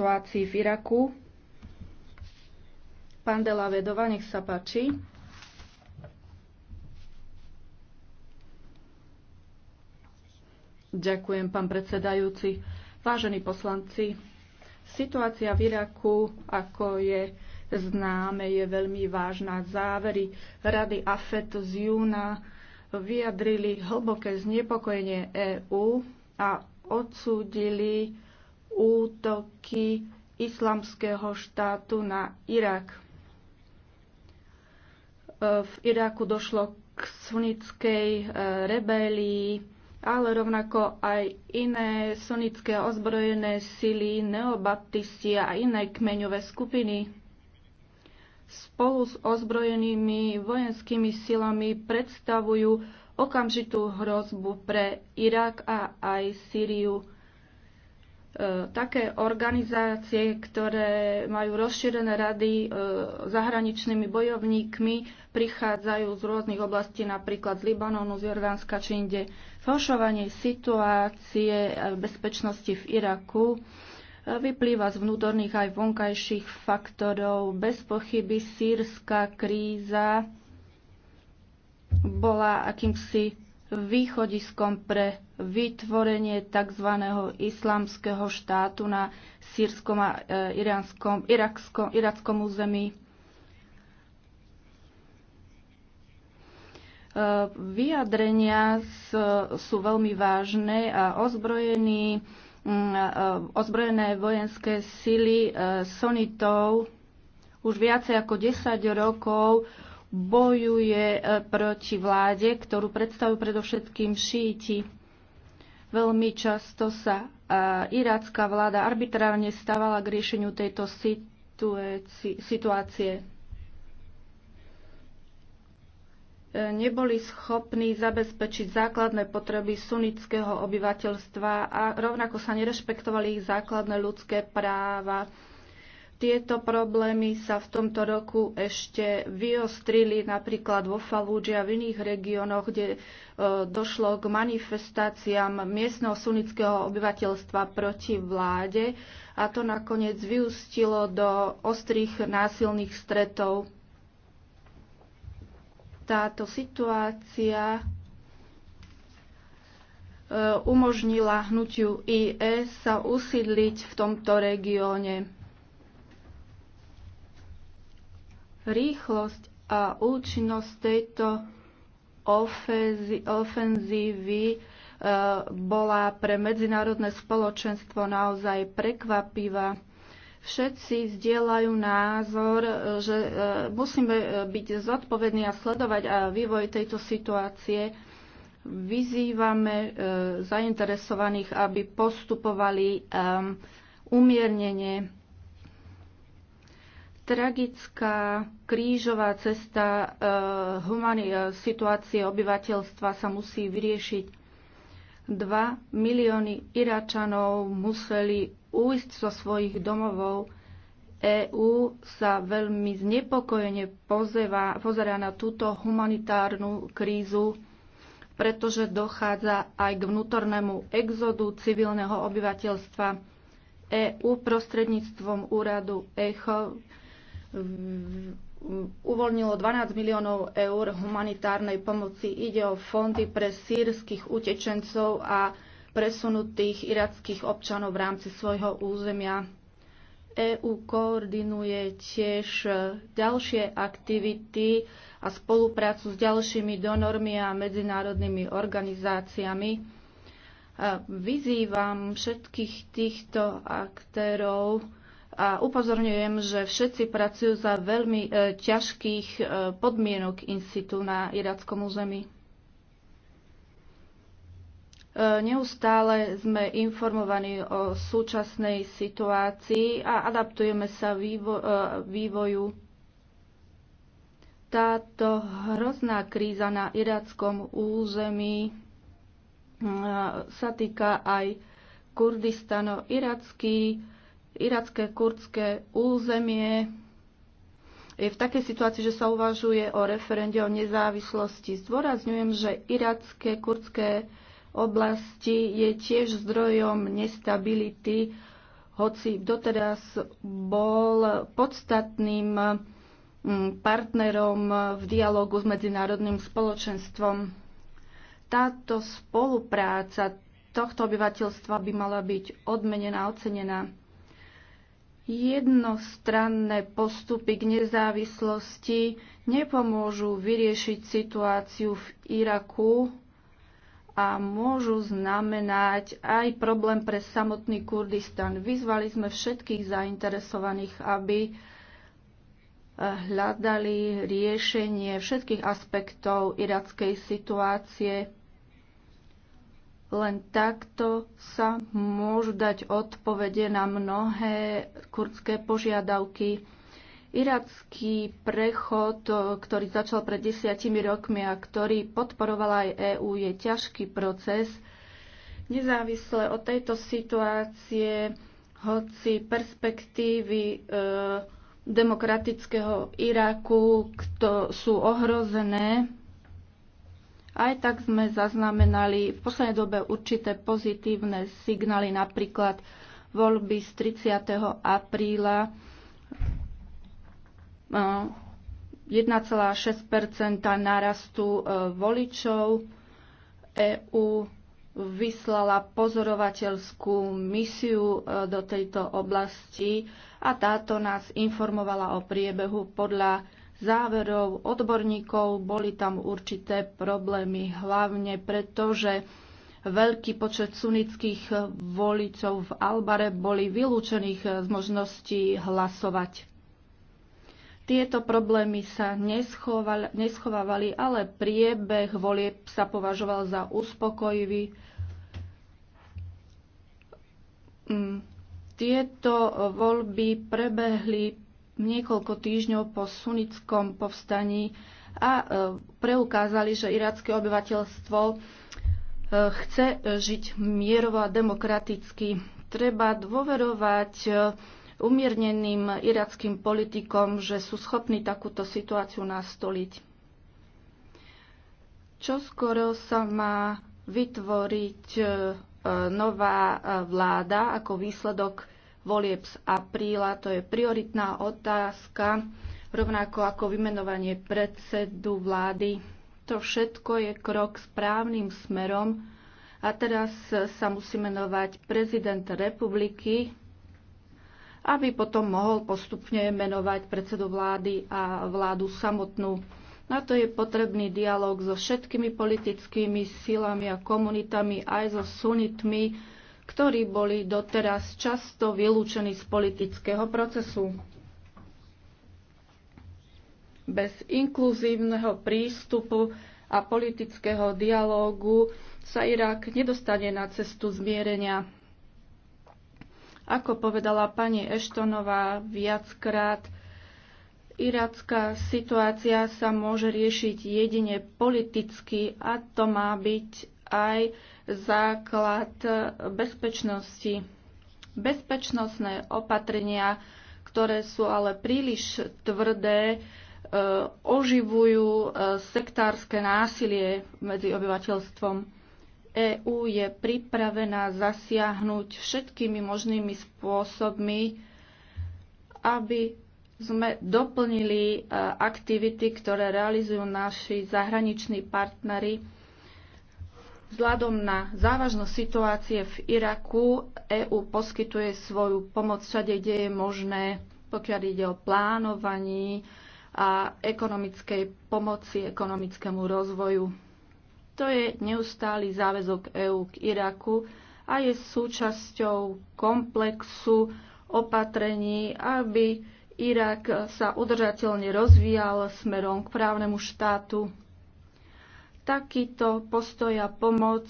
situácii v Iraku. Pán Dela Vedova, nech sa páči. Ďakujem, pán predsedajúci. Vážení poslanci, situácia v Iraku, ako je známe, je veľmi vážna. Závery Rady AFET z júna vyjadrili hlboké znepokojenie EÚ a odsúdili útoky islamského štátu na Irak. V Iraku došlo k sunnickej e, rebelii, ale rovnako aj iné sunnické ozbrojené sily, neobaptisti a iné kmeňové skupiny. Spolu s ozbrojenými vojenskými silami predstavujú okamžitú hrozbu pre Irak a aj Sýriu E, také organizácie, ktoré majú rozšírené rady e, zahraničnými bojovníkmi, prichádzajú z rôznych oblastí, napríklad z Libanonu, z Jordánska či inde. Falšovanie situácie e, bezpečnosti v Iraku vyplýva z vnútorných aj vonkajších faktorov. Bez pochyby sírska kríza bola akýmsi východiskom pre vytvorenie tzv. islamského štátu na sírskom a e, iránskom, irakskom, irackom území. E, vyjadrenia sú veľmi vážne a ozbrojení, e, ozbrojené vojenské sily sonitov už viacej ako 10 rokov bojuje e, proti vláde, ktorú predstavujú predovšetkým šíti. Veľmi často sa e, irácká vláda arbitrárne stavala k riešeniu tejto situácie. E, neboli schopní zabezpečiť základné potreby sunnického obyvateľstva a rovnako sa nerešpektovali ich základné ľudské práva. Tieto problémy sa v tomto roku ešte vyostrili napríklad vo Falúdži a v iných regiónoch, kde e, došlo k manifestáciám miestneho sunnického obyvateľstva proti vláde a to nakoniec vyústilo do ostrých násilných stretov. Táto situácia e, umožnila hnutiu IS sa usídliť v tomto regióne Rýchlosť a účinnosť tejto ofenzívy e, bola pre medzinárodné spoločenstvo naozaj prekvapivá. Všetci zdieľajú názor, e, že e, musíme byť zodpovední a sledovať a vývoj tejto situácie. Vyzývame zainteresovaných, aby postupovali umiernenie tragická krížová cesta uh, humani- eh, situácie obyvateľstva sa musí vyriešiť. 2 milióny Iračanov museli újsť zo svojich domovov. EÚ sa veľmi znepokojene pozerá pozera na túto humanitárnu krízu, pretože dochádza aj k vnútornému exodu civilného obyvateľstva. EÚ prostredníctvom úradu ECHO Mm, uvoľnilo 12 miliónov eur humanitárnej pomoci. Ide o fondy pre sírskych utečencov a presunutých irackých občanov v rámci svojho územia. EÚ koordinuje tiež e, ďalšie aktivity a spoluprácu s ďalšími donormi a medzinárodnými organizáciami. E, vyzývam všetkých týchto aktérov, a upozorňujem, že všetci pracujú za veľmi e, ťažkých e, podmienok in situ na irackom území. E, neustále sme informovaní o súčasnej situácii a adaptujeme sa vývo- e, vývoju. Táto hrozná kríza na irackom území e, sa týka aj Kurdistano-iracký iracké kurdské územie je v takej situácii, že sa uvažuje o referende o nezávislosti. Zdôrazňujem, že iracké kurdské oblasti je tiež zdrojom nestability, hoci doteraz bol podstatným mm, partnerom v dialogu s medzinárodným spoločenstvom. Táto spolupráca tohto obyvateľstva by mala byť odmenená, ocenená. Jednostranné postupy k nezávislosti nepomôžu vyriešiť situáciu v Iraku a môžu znamenať aj problém pre samotný Kurdistan. Vyzvali sme všetkých zainteresovaných, aby eh, hľadali riešenie všetkých aspektov irackej situácie len takto sa môžu dať odpovede na mnohé kurdské požiadavky. Iracký prechod, ktorý začal pred desiatimi rokmi a ktorý podporovala aj EÚ, je ťažký proces. Nezávisle od tejto situácie, hoci perspektívy e, demokratického Iraku kto sú ohrozené, aj tak sme zaznamenali v poslednej dobe určité pozitívne signály, napríklad voľby z 30. apríla 1,6 ehm, narastu e, voličov. EÚ vyslala pozorovateľskú misiu e, do tejto oblasti a táto nás informovala o priebehu podľa záverov odborníkov. Boli tam určité problémy, hlavne preto, že veľký počet sunnických voličov v Albare boli vylúčených z možnosti hlasovať. Tieto problémy sa neschovávali, ale priebeh volieb sa považoval za uspokojivý. Mm, tieto voľby prebehli niekoľko týždňov po sunickom povstaní a e, preukázali, že iracké obyvateľstvo e, chce žiť mierovo a demokraticky. Treba dôverovať e, umierneným irackým politikom, že sú schopní takúto situáciu nastoliť. Čo skoro sa má vytvoriť nová vláda ako výsledok volieb z apríla. To je prioritná otázka, rovnako ako vymenovanie predsedu vlády. To všetko je krok správnym smerom. A teraz sa musí menovať prezident republiky, aby potom mohol postupne menovať predsedu vlády a vládu samotnú. Na to je potrebný dialog so všetkými politickými silami a komunitami, aj so sunitmi, ktorí boli doteraz často vylúčení z politického procesu. Bez inkluzívneho prístupu a politického dialógu sa Irak nedostane na cestu zmierenia. Ako povedala pani Eštonová viackrát, iracká situácia sa môže riešiť jedine politicky a to má byť aj základ bezpečnosti. Bezpečnostné opatrenia, ktoré sú ale príliš tvrdé, e, oživujú e, sektárske násilie medzi obyvateľstvom. EÚ je pripravená zasiahnuť všetkými možnými spôsobmi, aby sme doplnili e, aktivity, ktoré realizujú naši zahraniční partnery Vzhľadom na závažnosť situácie v Iraku EÚ poskytuje svoju pomoc všade, kde je možné, pokiaľ ide o plánovaní a ekonomickej pomoci, ekonomickému rozvoju. To je neustály záväzok EÚ k Iraku a je súčasťou komplexu opatrení, aby Irak sa udržateľne rozvíjal smerom k právnemu štátu takýto postoj a pomoc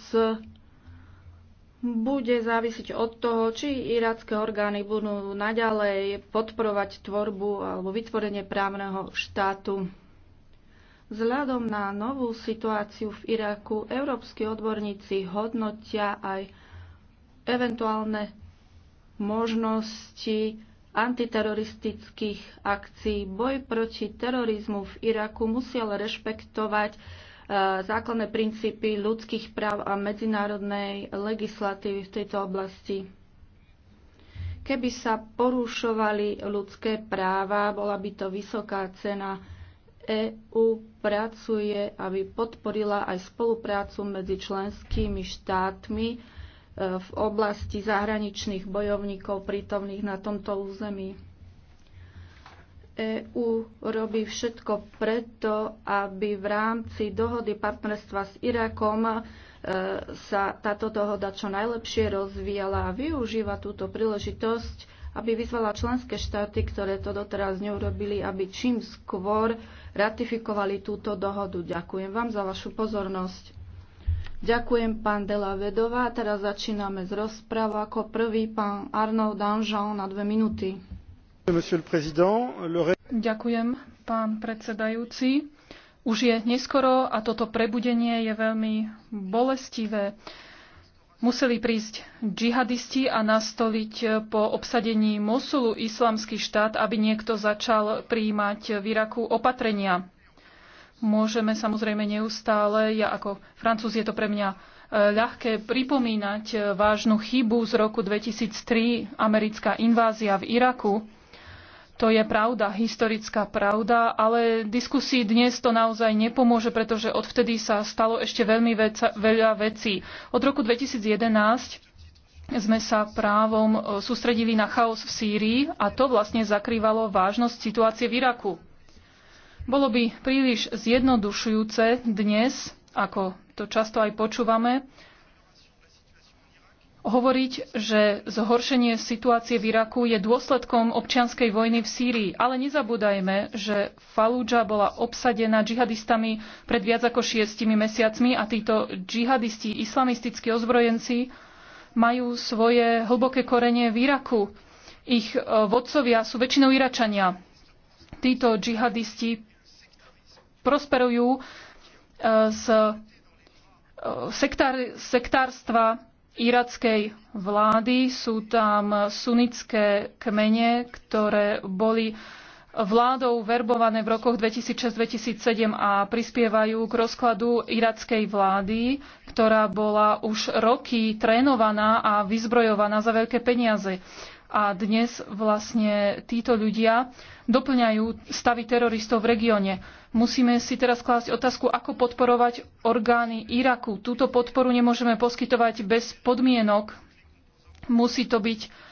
bude závisiť od toho, či irácké orgány budú naďalej podporovať tvorbu alebo vytvorenie právneho štátu. Vzhľadom na novú situáciu v Iraku európsky odborníci hodnotia aj eventuálne možnosti antiteroristických akcií. Boj proti terorizmu v Iraku musel rešpektovať E, základné princípy ľudských práv a medzinárodnej legislatívy v tejto oblasti. Keby sa porušovali ľudské práva, bola by to vysoká cena. EÚ pracuje, aby podporila aj spoluprácu medzi členskými štátmi e, v oblasti zahraničných bojovníkov prítomných na tomto území. EÚ robí všetko preto, aby v rámci dohody partnerstva s Irakom e, sa táto dohoda čo najlepšie rozvíjala a využíva túto príležitosť, aby vyzvala členské štáty, ktoré to doteraz neurobili, aby čím skôr ratifikovali túto dohodu. Ďakujem vám za vašu pozornosť. Ďakujem pán Dela Vedová. Teraz začíname s rozprávou. Ako prvý pán Arnaud Danjean na dve minúty. Ďakujem, pán predsedajúci. Už je neskoro a toto prebudenie je veľmi bolestivé. Museli prísť džihadisti a nastoliť po obsadení Mosulu islamský štát, aby niekto začal príjmať v Iraku opatrenia. Môžeme samozrejme neustále, ja ako francúz je to pre mňa eh, ľahké pripomínať eh, vážnu chybu z roku 2003, americká invázia v Iraku, to je pravda, historická pravda, ale diskusii dnes to naozaj nepomôže, pretože odvtedy sa stalo ešte veľmi veca, veľa vecí. Od roku 2011 sme sa právom e, sústredili na chaos v Sýrii a to vlastne zakrývalo vážnosť situácie v Iraku. Bolo by príliš zjednodušujúce dnes, ako to často aj počúvame, hovoriť, že zhoršenie situácie v Iraku je dôsledkom občianskej vojny v Sýrii. Ale nezabúdajme, že Fallúdža bola obsadená džihadistami pred viac ako šiestimi mesiacmi a títo džihadisti, islamistickí ozbrojenci, majú svoje hlboké korenie v Iraku. Ich e, vodcovia sú väčšinou Iračania. Títo džihadisti prosperujú e, z e, sektár, sektárstva irackej vlády. Sú tam sunnické kmene, ktoré boli vládou verbované v rokoch 2006-2007 a prispievajú k rozkladu irackej vlády, ktorá bola už roky trénovaná a vyzbrojovaná za veľké peniaze. A dnes vlastne títo ľudia doplňajú stavy teroristov v regióne. Musíme si teraz klásť otázku, ako podporovať orgány Iraku. Túto podporu nemôžeme poskytovať bez podmienok. Musí to byť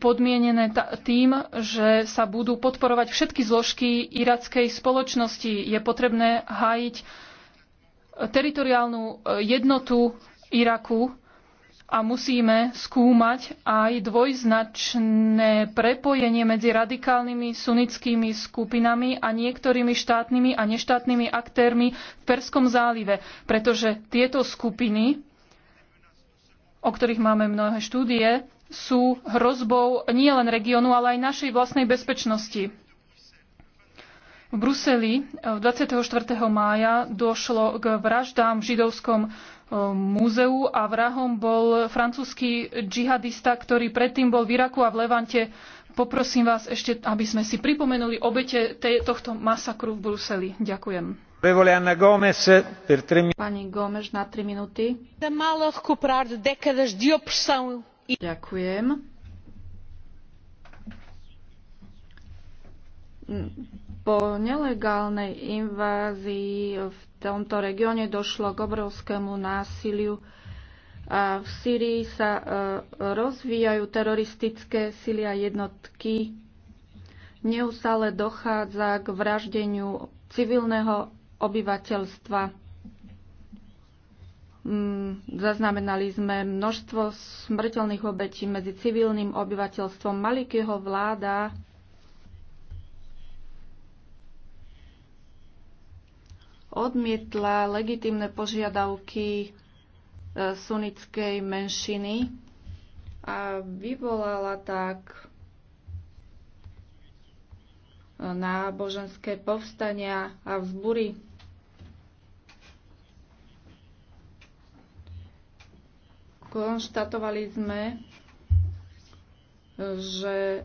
podmienené tým, že sa budú podporovať všetky zložky irackej spoločnosti. Je potrebné hájiť teritoriálnu jednotu Iraku a musíme skúmať aj dvojznačné prepojenie medzi radikálnymi sunnickými skupinami a niektorými štátnymi a neštátnymi aktérmi v Perskom zálive, pretože tieto skupiny, o ktorých máme mnohé štúdie, sú hrozbou nielen regiónu, ale aj našej vlastnej bezpečnosti. V Bruseli 24. Eh, mája došlo k vraždám v židovskom múzeu a vrahom bol francúzsky džihadista, ktorý predtým bol v Iraku a v Levante. Poprosím vás ešte, aby sme si pripomenuli obete tohto masakru v Bruseli. Ďakujem. Pani na 3 minúty. E- Ďakujem. Po nelegálnej invázii v tomto regióne došlo k obrovskému násiliu. A v Sýrii sa e, rozvíjajú teroristické sily a jednotky. Neustále dochádza k vraždeniu civilného obyvateľstva. Mm, zaznamenali sme množstvo smrteľných obetí medzi civilným obyvateľstvom. Malikyho vláda odmietla legitimné požiadavky e, sunnickej menšiny a vyvolala tak náboženské povstania a vzbury. Konštatovali sme, že e,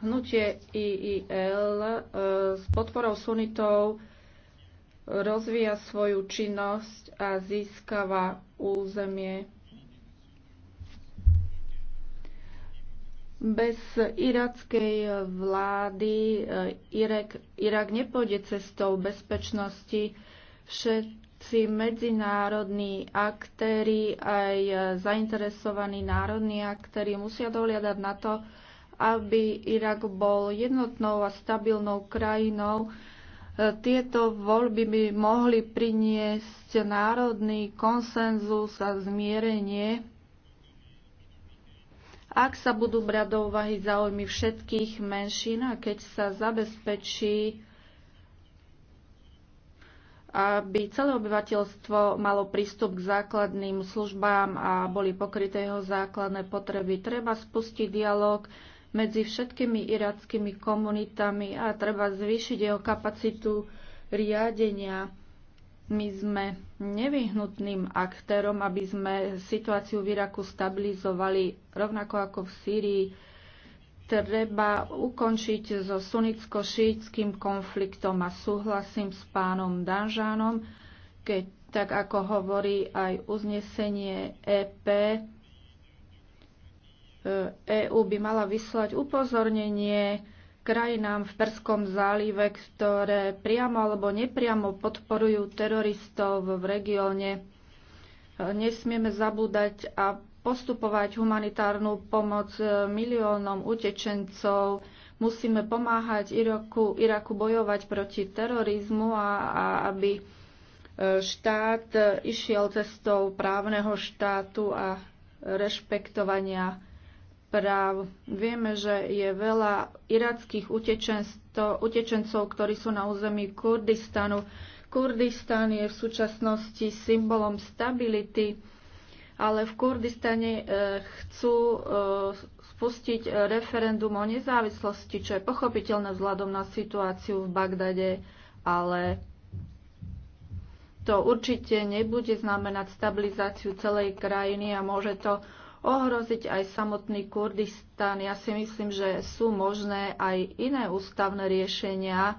hnutie IIL e, s podporou sunitov rozvíja svoju činnosť a získava územie. Bez irackej vlády eh, Irak, Irak nepôjde cestou bezpečnosti. Všetci medzinárodní aktéry, aj eh, zainteresovaní národní aktéry musia dohliadať na to, aby Irak bol jednotnou a stabilnou krajinou, tieto voľby by mohli priniesť národný konsenzus a zmierenie, ak sa budú brať do úvahy záujmy všetkých menšín a keď sa zabezpečí, aby celé obyvateľstvo malo prístup k základným službám a boli pokryté jeho základné potreby. Treba spustiť dialog medzi všetkými irackými komunitami a treba zvýšiť jeho kapacitu riadenia. My sme nevyhnutným aktérom, aby sme situáciu v Iraku stabilizovali, rovnako ako v Sýrii. Treba ukončiť so sunicko-šítským konfliktom a súhlasím s pánom Danžánom, keď tak ako hovorí aj uznesenie EP, EÚ e by mala vyslať upozornenie krajinám v Perskom zálive, ktoré priamo alebo nepriamo podporujú teroristov v regióne. E, nesmieme zabúdať a postupovať humanitárnu pomoc e, miliónom utečencov. Musíme pomáhať Iraku, Iraku bojovať proti terorizmu a, a aby štát išiel cestou právneho štátu a rešpektovania správ. Vieme, že je veľa irackých utečencov, ktorí sú na území Kurdistanu. Kurdistan je v súčasnosti symbolom stability, ale v Kurdistane eh, chcú eh, spustiť referendum o nezávislosti, čo je pochopiteľné vzhľadom na situáciu v Bagdade, ale to určite nebude znamenať stabilizáciu celej krajiny a môže to ohroziť aj samotný Kurdistan. Ja si myslím, že sú možné aj iné ústavné riešenia,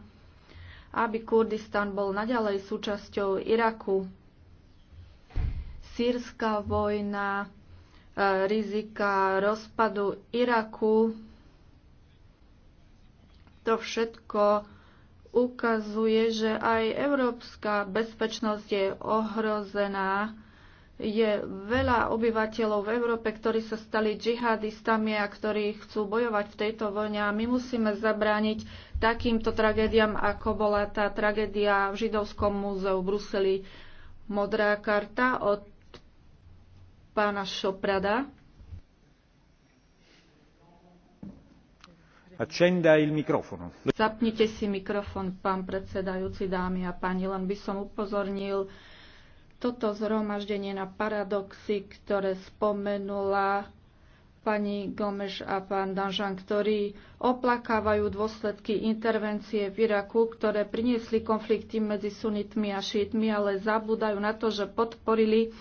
aby Kurdistan bol naďalej súčasťou Iraku. Sýrska vojna, e, rizika rozpadu Iraku, to všetko ukazuje, že aj európska bezpečnosť je ohrozená je veľa obyvateľov v Európe, ktorí sa stali džihadistami a ktorí chcú bojovať v tejto vojne a my musíme zabrániť takýmto tragédiám, ako bola tá tragédia v Židovskom múzeu v Bruseli. Modrá karta od pána Šoprada. Accenda il microfono. Zapnite si mikrofon, pán predsedajúci, dámy a páni, len by som upozornil, toto zhromaždenie na paradoxy, ktoré spomenula pani Gomeš a pán Danžan, ktorí oplakávajú dôsledky intervencie v Iraku, ktoré priniesli konflikty medzi sunitmi a šítmi, ale zabúdajú na to, že podporili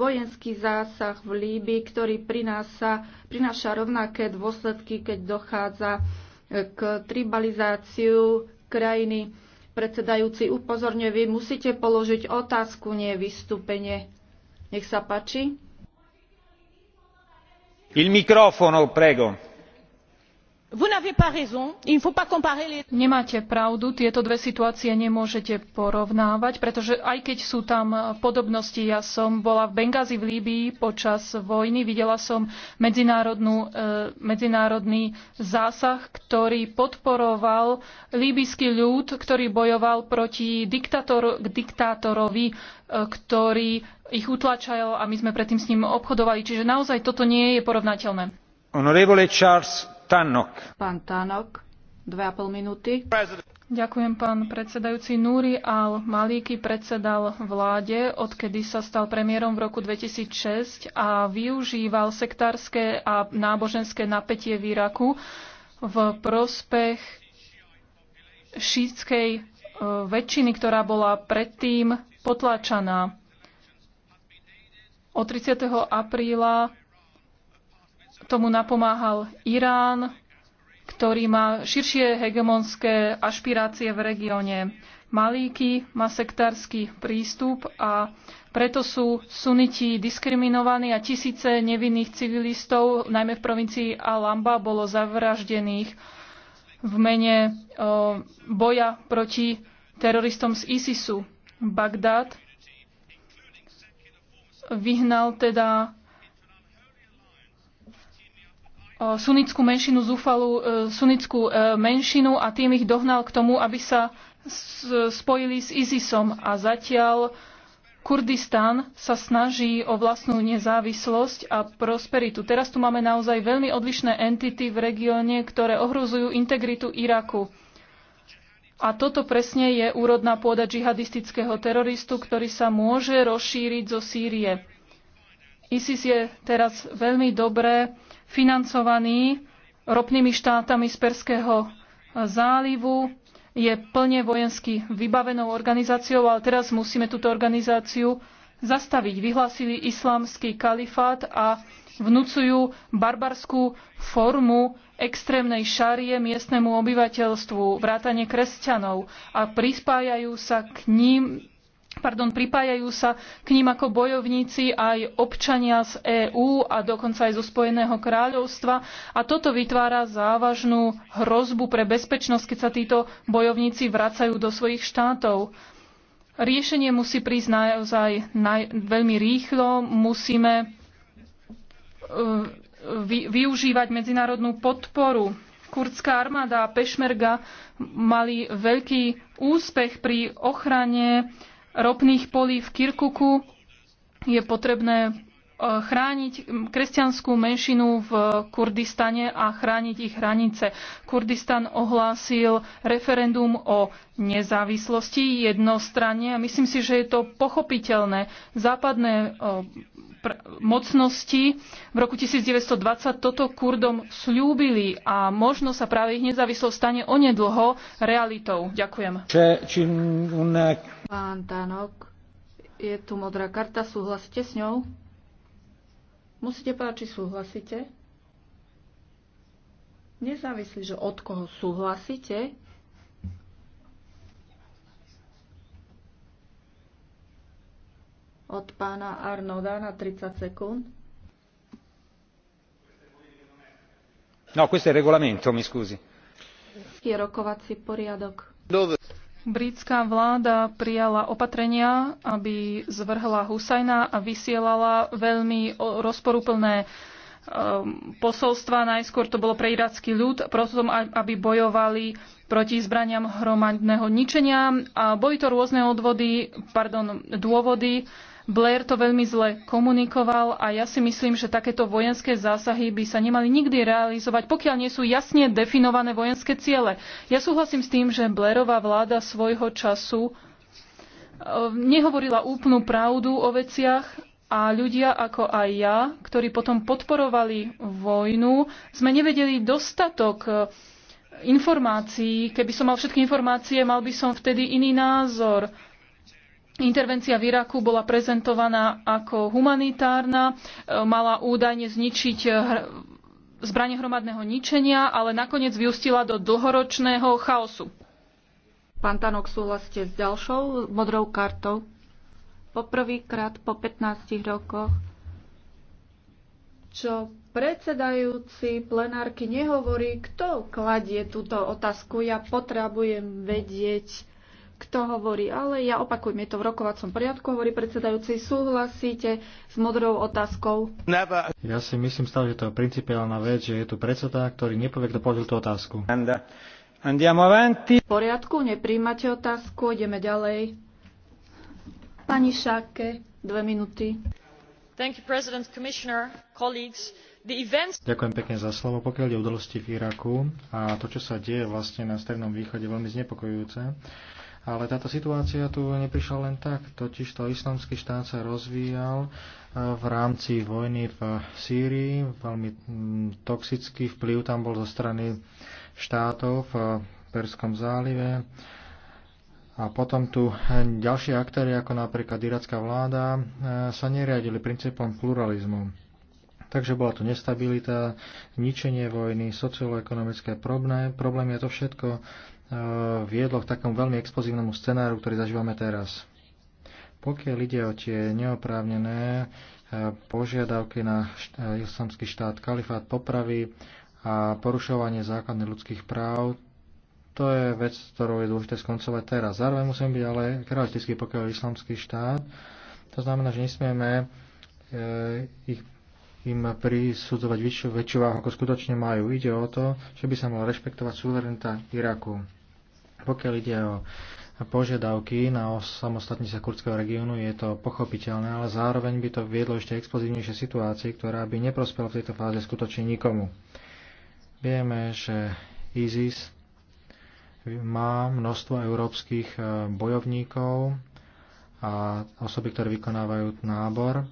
vojenský zásah v Líbi, ktorý prináša, prináša rovnaké dôsledky, keď dochádza k tribalizáciu krajiny Predsedajúci upozorňuje, vy musíte položiť otázku, nie vystúpenie. Nech sa páči. Il microfono, prego nemáte pravdu tieto dve situácie nemôžete porovnávať pretože aj keď sú tam podobnosti ja som bola v bengazi v líbyi počas vojny videla som e, medzinárodný zásah ktorý podporoval líbyjský ľud ktorý bojoval proti diktátorovi e, ktorý ich utlačal a my sme predtým s ním obchodovali čiže naozaj toto nie je porovnateľné. Pán dve a pol minúty. Ďakujem, pán predsedajúci. Núri al malíky predsedal vláde, odkedy sa stal premiérom v roku 2006 a využíval sektárske a náboženské napätie v Iraku v prospech šítskej e, väčšiny, ktorá bola predtým potláčaná. Od 30. apríla Tomu napomáhal Irán, ktorý má širšie hegemonské ašpirácie v regióne. Malíky má sektársky prístup a preto sú suniti diskriminovaní a tisíce nevinných civilistov, najmä v provincii Alamba, bolo zavraždených v mene boja proti teroristom z ISISu. Bagdad vyhnal teda sunnickú menšinu, zúfalú e, sunnickú e, menšinu a tým ich dohnal k tomu, aby sa spojili s ISISom. A zatiaľ Kurdistan sa snaží o vlastnú nezávislosť a prosperitu. Teraz tu máme naozaj veľmi odlišné entity v regióne, ktoré ohrozujú integritu Iraku. A toto presne je úrodná pôda džihadistického teroristu, ktorý sa môže rozšíriť zo Sýrie. ISIS je teraz veľmi dobré financovaný ropnými štátami z Perského e, zálivu, je plne vojensky vybavenou organizáciou, ale teraz musíme túto organizáciu zastaviť. Vyhlásili islamský kalifát a vnúcujú barbarskú formu extrémnej šarie miestnemu obyvateľstvu, vrátane kresťanov a prispájajú sa k ním pardon, pripájajú sa k ním ako bojovníci aj občania z EÚ a dokonca aj zo Spojeného kráľovstva. A toto vytvára závažnú hrozbu pre bezpečnosť, keď sa títo bojovníci vracajú do svojich štátov. Riešenie musí prísť naozaj naj, veľmi rýchlo. Musíme e, vy, využívať medzinárodnú podporu kurdská armáda a pešmerga mali veľký úspech pri ochrane ropných polí v Kirkuku. Je potrebné eh, chrániť kresťanskú menšinu v Kurdistane a chrániť ich hranice. Kurdistan ohlásil referendum o nezávislosti jednostranne a myslím si, že je to pochopiteľné. Západné eh, mocnosti v roku 1920 toto Kurdom slúbili a možno sa práve ich nezávislosť stane onedlho realitou. Ďakujem. či, Pán Tánok, je tu modrá karta, súhlasíte s ňou? Musíte povedať, či súhlasíte. Nezávislí, že od koho súhlasíte, od pána Arnoda na 30 sekúnd. No, questo è il regolamento, mi scusi. Je rokovací poriadok. Britská vláda prijala opatrenia, aby zvrhla Husajna a vysielala veľmi rozporúplné um, posolstva. Najskôr to bolo pre iracký ľud, prosím, aby bojovali proti zbraniam hromadného ničenia. A boli to rôzne odvody, pardon, dôvody, Blair to veľmi zle komunikoval a ja si myslím, že takéto vojenské zásahy by sa nemali nikdy realizovať, pokiaľ nie sú jasne definované vojenské ciele. Ja súhlasím s tým, že Blairová vláda svojho času e, nehovorila úplnú pravdu o veciach a ľudia ako aj ja, ktorí potom podporovali vojnu, sme nevedeli dostatok e, informácií. Keby som mal všetky informácie, mal by som vtedy iný názor. Intervencia v Iraku bola prezentovaná ako humanitárna, e, mala údajne zničiť e, zbranie hromadného ničenia, ale nakoniec vyústila do dlhoročného chaosu. Pán Tanok, súhlaste s ďalšou modrou kartou. Poprvýkrát po 15 rokoch, čo predsedajúci plenárky nehovorí, kto kladie túto otázku. Ja potrebujem vedieť, kto hovorí, ale ja opakujem, je to v rokovacom poriadku, hovorí predsedajúci, súhlasíte s modrou otázkou? Never. Ja si myslím stále, že to je principiálna vec, že je tu predseda, ktorý nepovie, kto položil tú otázku. Uh, andiamo avanti. V poriadku, nepríjmate otázku, ideme ďalej. Pani Šáke, dve minúty. Thank you, President, Commissioner, colleagues. Events... Ďakujem pekne za slovo. Pokiaľ je udalosti v Iraku a to, čo sa deje vlastne na Strednom východe, veľmi znepokojujúce. Ale táto situácia tu neprišla len tak, totiž to islamský štát sa rozvíjal e, v rámci vojny v Sýrii, veľmi mm, toxický vplyv tam bol zo strany štátov v Perskom zálive. A potom tu ďalšie aktéry, ako napríklad iracká vláda, e, sa neriadili princípom pluralizmu. Takže bola tu nestabilita, ničenie vojny, socioekonomické problémy, problémy a to všetko viedlo k takom veľmi explozívnemu scenáru, ktorý zažívame teraz. Pokiaľ ide o tie neoprávnené e, požiadavky na e, islamský štát, kalifát popravy a porušovanie základných ľudských práv, to je vec, ktorou je dôležité skoncovať teraz. Zároveň musíme byť ale realistický, pokiaľ islamský štát. To znamená, že nesmieme e, ich im prisudzovať väčšiu, väčšiu váhu, ako skutočne majú. Ide o to, že by sa mala rešpektovať suverenita Iraku. Pokiaľ ide o požiadavky na samostatní sa kurdského regiónu, je to pochopiteľné, ale zároveň by to viedlo ešte explozívnejšie situácii, ktorá by neprospela v tejto fáze skutočne nikomu. Vieme, že ISIS má množstvo európskych e, bojovníkov a osoby, ktoré vykonávajú nábor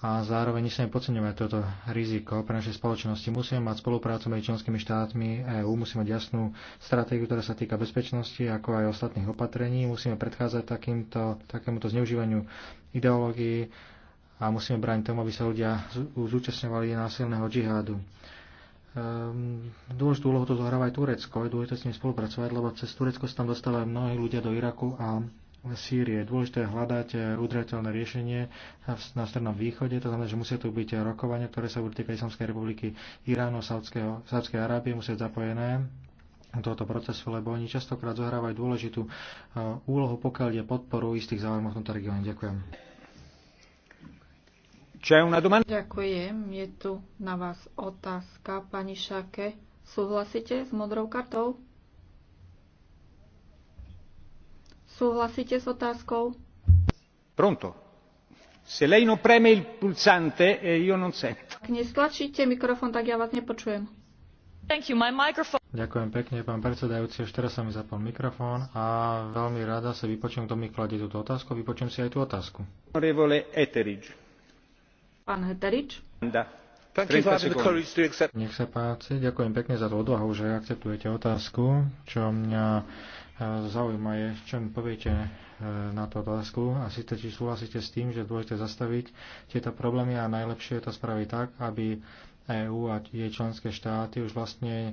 a zároveň nesmieme podceňovať toto riziko pre naše spoločnosti. Musíme mať spoluprácu medzi členskými štátmi EÚ, musíme mať jasnú stratégiu, ktorá sa týka bezpečnosti, ako aj ostatných opatrení. Musíme predchádzať takýmto, takémuto zneužívaniu ideológií a musíme brániť tomu, aby sa ľudia zúčastňovali násilného džihádu. Um, ehm, dôležitú úlohu to zohráva aj Turecko, je dôležité s nimi spolupracovať, lebo cez Turecko sa tam dostávajú mnohí ľudia do Iraku a Sýrie. Dôležité je hľadať udržateľné riešenie na Strednom východe. To znamená, že musia tu byť rokovania, ktoré sa budú týkať Islamskej republiky Iránu, a Sádskej Arábie, musia byť zapojené tohoto procesu, lebo oni častokrát zohrávajú dôležitú eh, úlohu, pokiaľ je podporu istých záujmov v tomto regióne. Ďakujem. Ďakujem. Je tu na vás otázka, pani Šake. Súhlasíte s modrou kartou? Súhlasíte s otázkou? Pronto. Se lei non preme il pulsante, eh, io non sento. Ak nestlačíte mikrofón, tak ja vás nepočujem. Thank you, my microphone... Ďakujem pekne, pán predsedajúci. Ešte teraz sa mi zapol mikrofón a veľmi rada sa vypočujem, kto mi kladie túto otázku. Vypočujem si aj tú otázku. Pán Heterič. Nech sa páči, ďakujem pekne za tú odvahu, že akceptujete otázku, čo mňa Zaujíma je, čo mi poviete e, na tú otázku a síce, či súhlasíte s tým, že dôležité zastaviť tieto problémy a najlepšie je to spraviť tak, aby EÚ a jej členské štáty už vlastne e,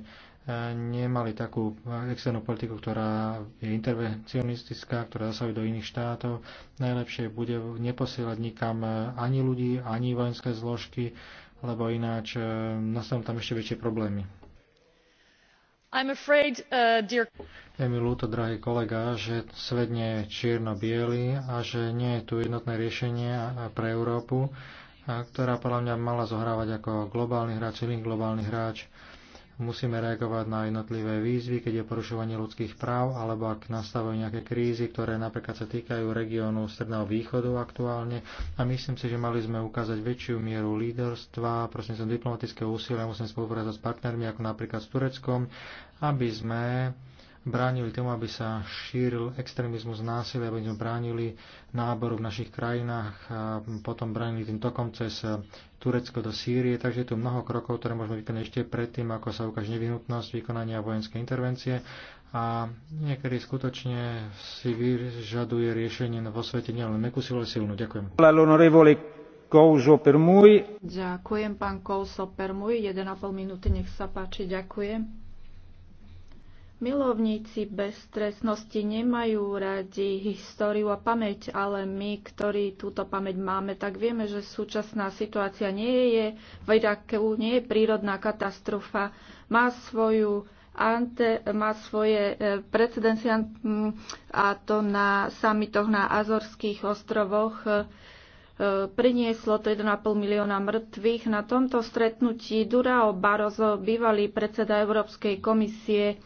nemali takú externú politiku, ktorá je intervencionistická, ktorá zasahuje do iných štátov. Najlepšie bude neposielať nikam e, ani ľudí, ani vojenské zložky, lebo ináč nastanú tam ešte väčšie problémy. Uh, je mi ľúto, drahý kolega, že svet nie je čierno-biely a že nie je tu jednotné riešenie pre Európu, ktorá podľa mňa mala zohrávať ako globálny hráč, silný globálny hráč musíme reagovať na jednotlivé výzvy, keď je porušovanie ľudských práv, alebo ak nastavujú nejaké krízy, ktoré napríklad sa týkajú regiónu Stredného východu aktuálne. A myslím si, že mali sme ukázať väčšiu mieru líderstva, prosím som diplomatického úsilia, musím spolupracovať s partnermi, ako napríklad s Tureckom, aby sme bránili tomu, aby sa šíril extrémizmus násilia, aby sme bránili náboru v našich krajinách a potom bránili tým tokom cez e, Turecko do Sýrie. Takže je tu mnoho krokov, ktoré môžeme vykonať ešte predtým, ako sa ukáže nevyhnutnosť vykonania vojenskej intervencie a niekedy skutočne si vyžaduje riešenie vo svete nielen mekú silu, ale silnú. Ďakujem. Ďakujem, pán Kouso Permuj. 1,5 minúty, nech sa páči. Ďakujem. Milovníci bez stresnosti nemajú radi históriu a pamäť, ale my, ktorí túto pamäť máme, tak vieme, že súčasná situácia nie je v Iraku, nie je prírodná katastrofa, má svoju Ante má svoje e, precedencie mm, a to na samitoch na Azorských ostrovoch e, prinieslo to 1,5 milióna mŕtvych. Na tomto stretnutí Durao Barozo, bývalý predseda Európskej komisie,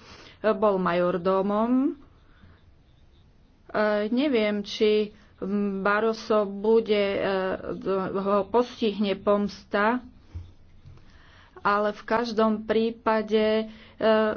bol majordómom. E, neviem, či Baroso bude, e, ho postihne pomsta, ale v každom prípade e,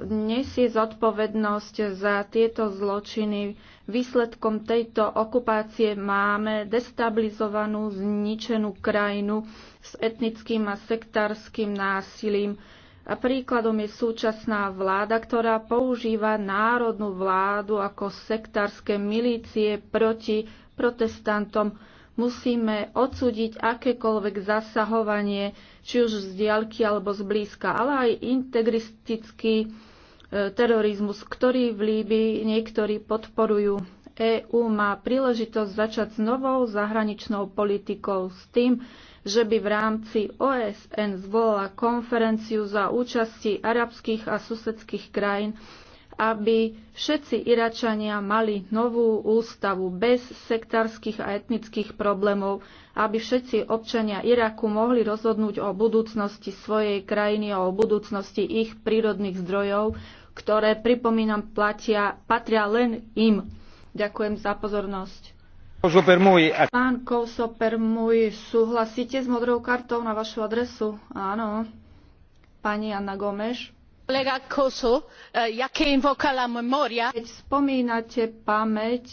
nesie zodpovednosť za tieto zločiny. Výsledkom tejto okupácie máme destabilizovanú, zničenú krajinu s etnickým a sektárským násilím, a príkladom je súčasná vláda, ktorá používa národnú vládu ako sektárske milície proti protestantom. Musíme odsúdiť akékoľvek zasahovanie, či už z diaľky alebo z blízka, ale aj integristický e, terorizmus, ktorý v Líbii niektorí podporujú. EÚ má príležitosť začať s novou zahraničnou politikou s tým, že by v rámci OSN zvolala konferenciu za účasti arabských a susedských krajín, aby všetci Iračania mali novú ústavu bez sektárskych a etnických problémov, aby všetci občania Iraku mohli rozhodnúť o budúcnosti svojej krajiny a o budúcnosti ich prírodných zdrojov, ktoré, pripomínam, platia, patria len im. Ďakujem za pozornosť. Pán Kouso Permuj, súhlasíte s modrou kartou na vašu adresu? Áno. Pani Anna Gomeš. Eh, keď spomínate pamäť,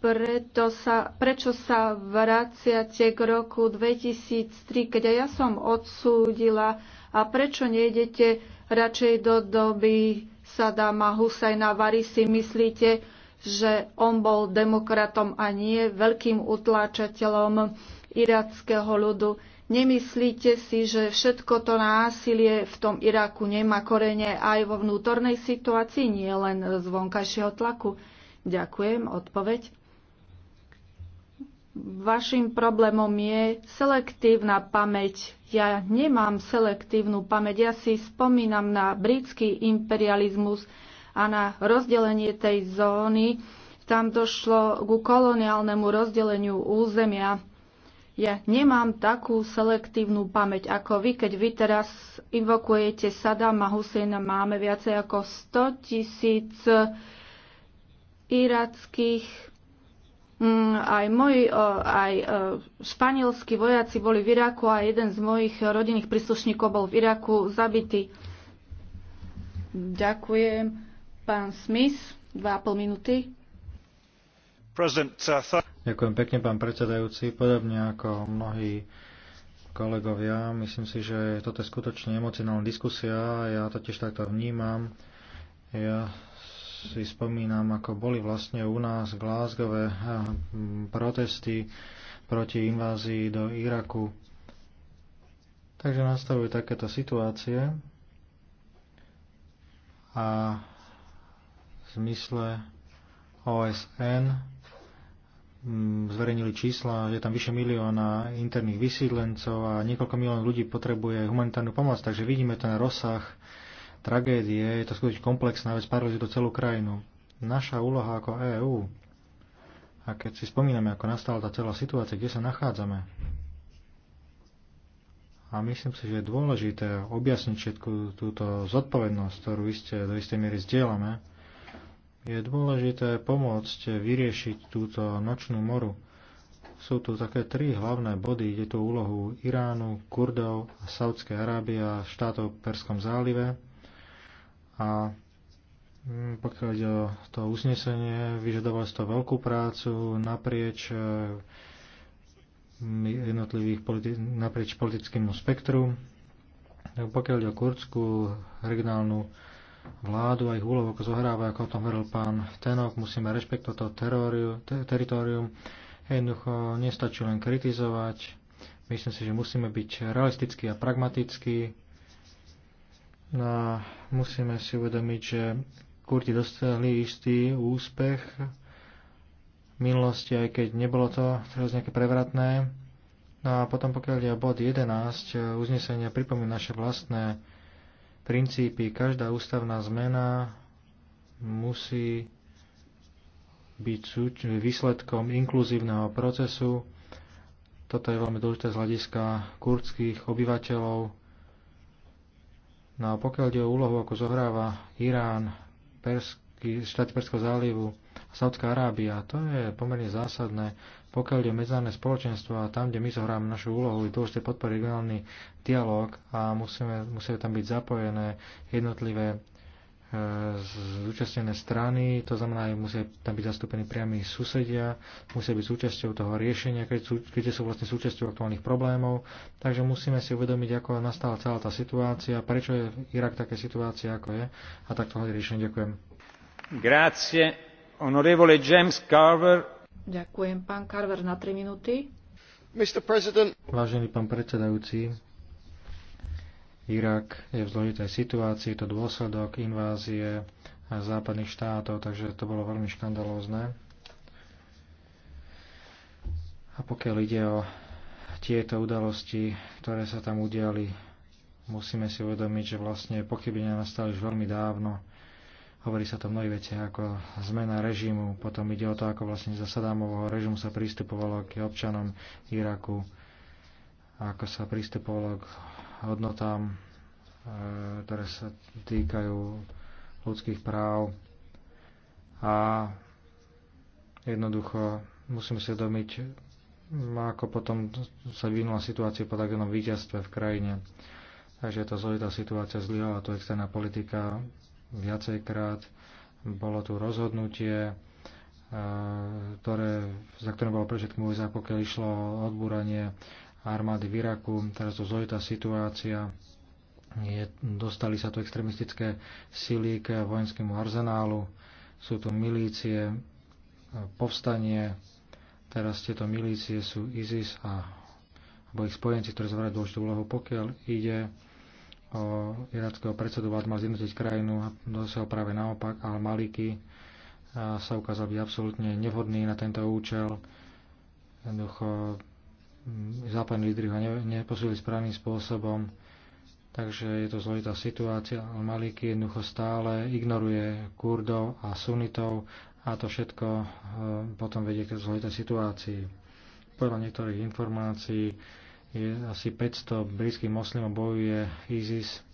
preto sa, prečo sa vraciate k roku 2003, keď ja som odsúdila a prečo nejdete radšej do doby Sadama Husajna Vary si myslíte, že on bol demokratom a nie veľkým utláčateľom irackého ľudu. Nemyslíte si, že všetko to násilie v tom Iraku nemá korene aj vo vnútornej situácii, nie len z vonkajšieho tlaku? Ďakujem, odpoveď. Vašim problémom je selektívna pamäť. Ja nemám selektívnu pamäť. Ja si spomínam na britský imperializmus a na rozdelenie tej zóny. Tam došlo ku koloniálnemu rozdeleniu územia. Ja nemám takú selektívnu pamäť ako vy, keď vy teraz invokujete Sadama Husejna. Máme viacej ako 100 tisíc irackých Mm, aj moji, e, aj e, španielskí vojaci boli v Iraku a jeden z mojich rodinných príslušníkov bol v Iraku zabitý. Ďakujem. Pán Smith, 2,5 minúty. Ďakujem pekne, pán predsedajúci. Podobne ako mnohí kolegovia, myslím si, že toto je skutočne emocionálna diskusia. Ja to tiež takto vnímam. Ja si spomínam, ako boli vlastne u nás glázgové eh, protesty proti invázii do Iraku. Takže nastavujú takéto situácie a v zmysle OSN mm, zverejnili čísla, je tam vyše milióna interných vysídlencov a niekoľko milión ľudí potrebuje humanitárnu pomoc, takže vidíme ten rozsah tragédie, je to skutočne komplexná vec, paralizuje to celú krajinu. Naša úloha ako EÚ, a keď si spomíname, ako nastala tá celá situácia, kde sa nachádzame, a myslím si, že je dôležité objasniť všetku túto zodpovednosť, ktorú iste, do istej miery zdieľame, je dôležité pomôcť vyriešiť túto nočnú moru. Sú tu také tri hlavné body. Je tu úlohu Iránu, Kurdov, Saudskej Arábie a štátov v Perskom zálive. A mm, pokiaľ ide o to uznesenie, vyžadovalo to veľkú prácu naprieč e, jednotlivých politi- naprieč politickému spektru. E, pokiaľ ide o kurdskú regionálnu vládu a ich úlohu, ako zohráva, ako o tom hovoril pán Tenok, musíme rešpektovať to teróriu, teritorium. Jednoducho nestačí len kritizovať. Myslím si, že musíme byť realistickí a pragmatickí No, musíme si uvedomiť, že Kurdi dostali istý úspech v minulosti, aj keď nebolo to teraz nejaké prevratné. No a potom pokiaľ je bod 11, uznesenia pripomína naše vlastné princípy. Každá ústavná zmena musí byť výsledkom inkluzívneho procesu. Toto je veľmi dôležité z hľadiska kurdských obyvateľov, No a pokiaľ ide o úlohu, ako zohráva Irán, Persky, štát Perského zálivu, Saudská Arábia, to je pomerne zásadné. Pokiaľ ide o medzinárodné spoločenstvo a tam, kde my zohráme našu úlohu, je dôležité podporiť regionálny dialog a musíme, musíme tam byť zapojené jednotlivé zúčastnené strany, to znamená, že musia tam byť zastúpení priami susedia, musia byť súčasťou toho riešenia, keď sú, keď sú vlastne súčasťou aktuálnych problémov. Takže musíme si uvedomiť, ako nastala celá tá situácia, prečo je Irak také situácia, ako je. A tak toho riešenie ďakujem. Grazie. Honorevole James Carver. Ďakujem, pán Carver, na 3 minúty. Vážený pán predsedajúci, Irak je v zložitej situácii, to dôsledok invázie západných štátov, takže to bolo veľmi škandalózne. A pokiaľ ide o tieto udalosti, ktoré sa tam udiali, musíme si uvedomiť, že vlastne pochybenia nastali už veľmi dávno. Hovorí sa to mnohí veci ako zmena režimu, potom ide o to, ako vlastne za Sadámovho režimu sa pristupovalo k občanom Iraku, ako sa pristupovalo k hodnotám, e, ktoré sa týkajú ľudských práv a jednoducho musím si domyť, ako potom sa vyvinula situácia po takom víťazstve v krajine. Takže tá zložitá situácia zlyhala tu externá politika viacejkrát. Bolo tu rozhodnutie, e, ktoré, za ktoré bolo pre všetkým pokiaľ išlo o odbúranie armády v Iraku, teraz to zložitá situácia, je, dostali sa tu extremistické sily k vojenskému arzenálu, sú tu milície, e, povstanie, teraz tieto milície sú ISIS a alebo ich spojenci, ktorí zvrajú dôležitú úlohu, pokiaľ ide o irackého predsedu vlád mal zjednotiť krajinu a dosiaľ no, práve naopak ale maliki e, sa ukázal byť absolútne nevhodný na tento účel. Jednoducho západní lídry ho neposúdili správnym spôsobom, takže je to zložitá situácia. Maliky jednoducho stále ignoruje kurdov a sunitov a to všetko e, potom vedie k zložitej situácii. Podľa niektorých informácií je asi 500 blízkych moslimov bojuje ISIS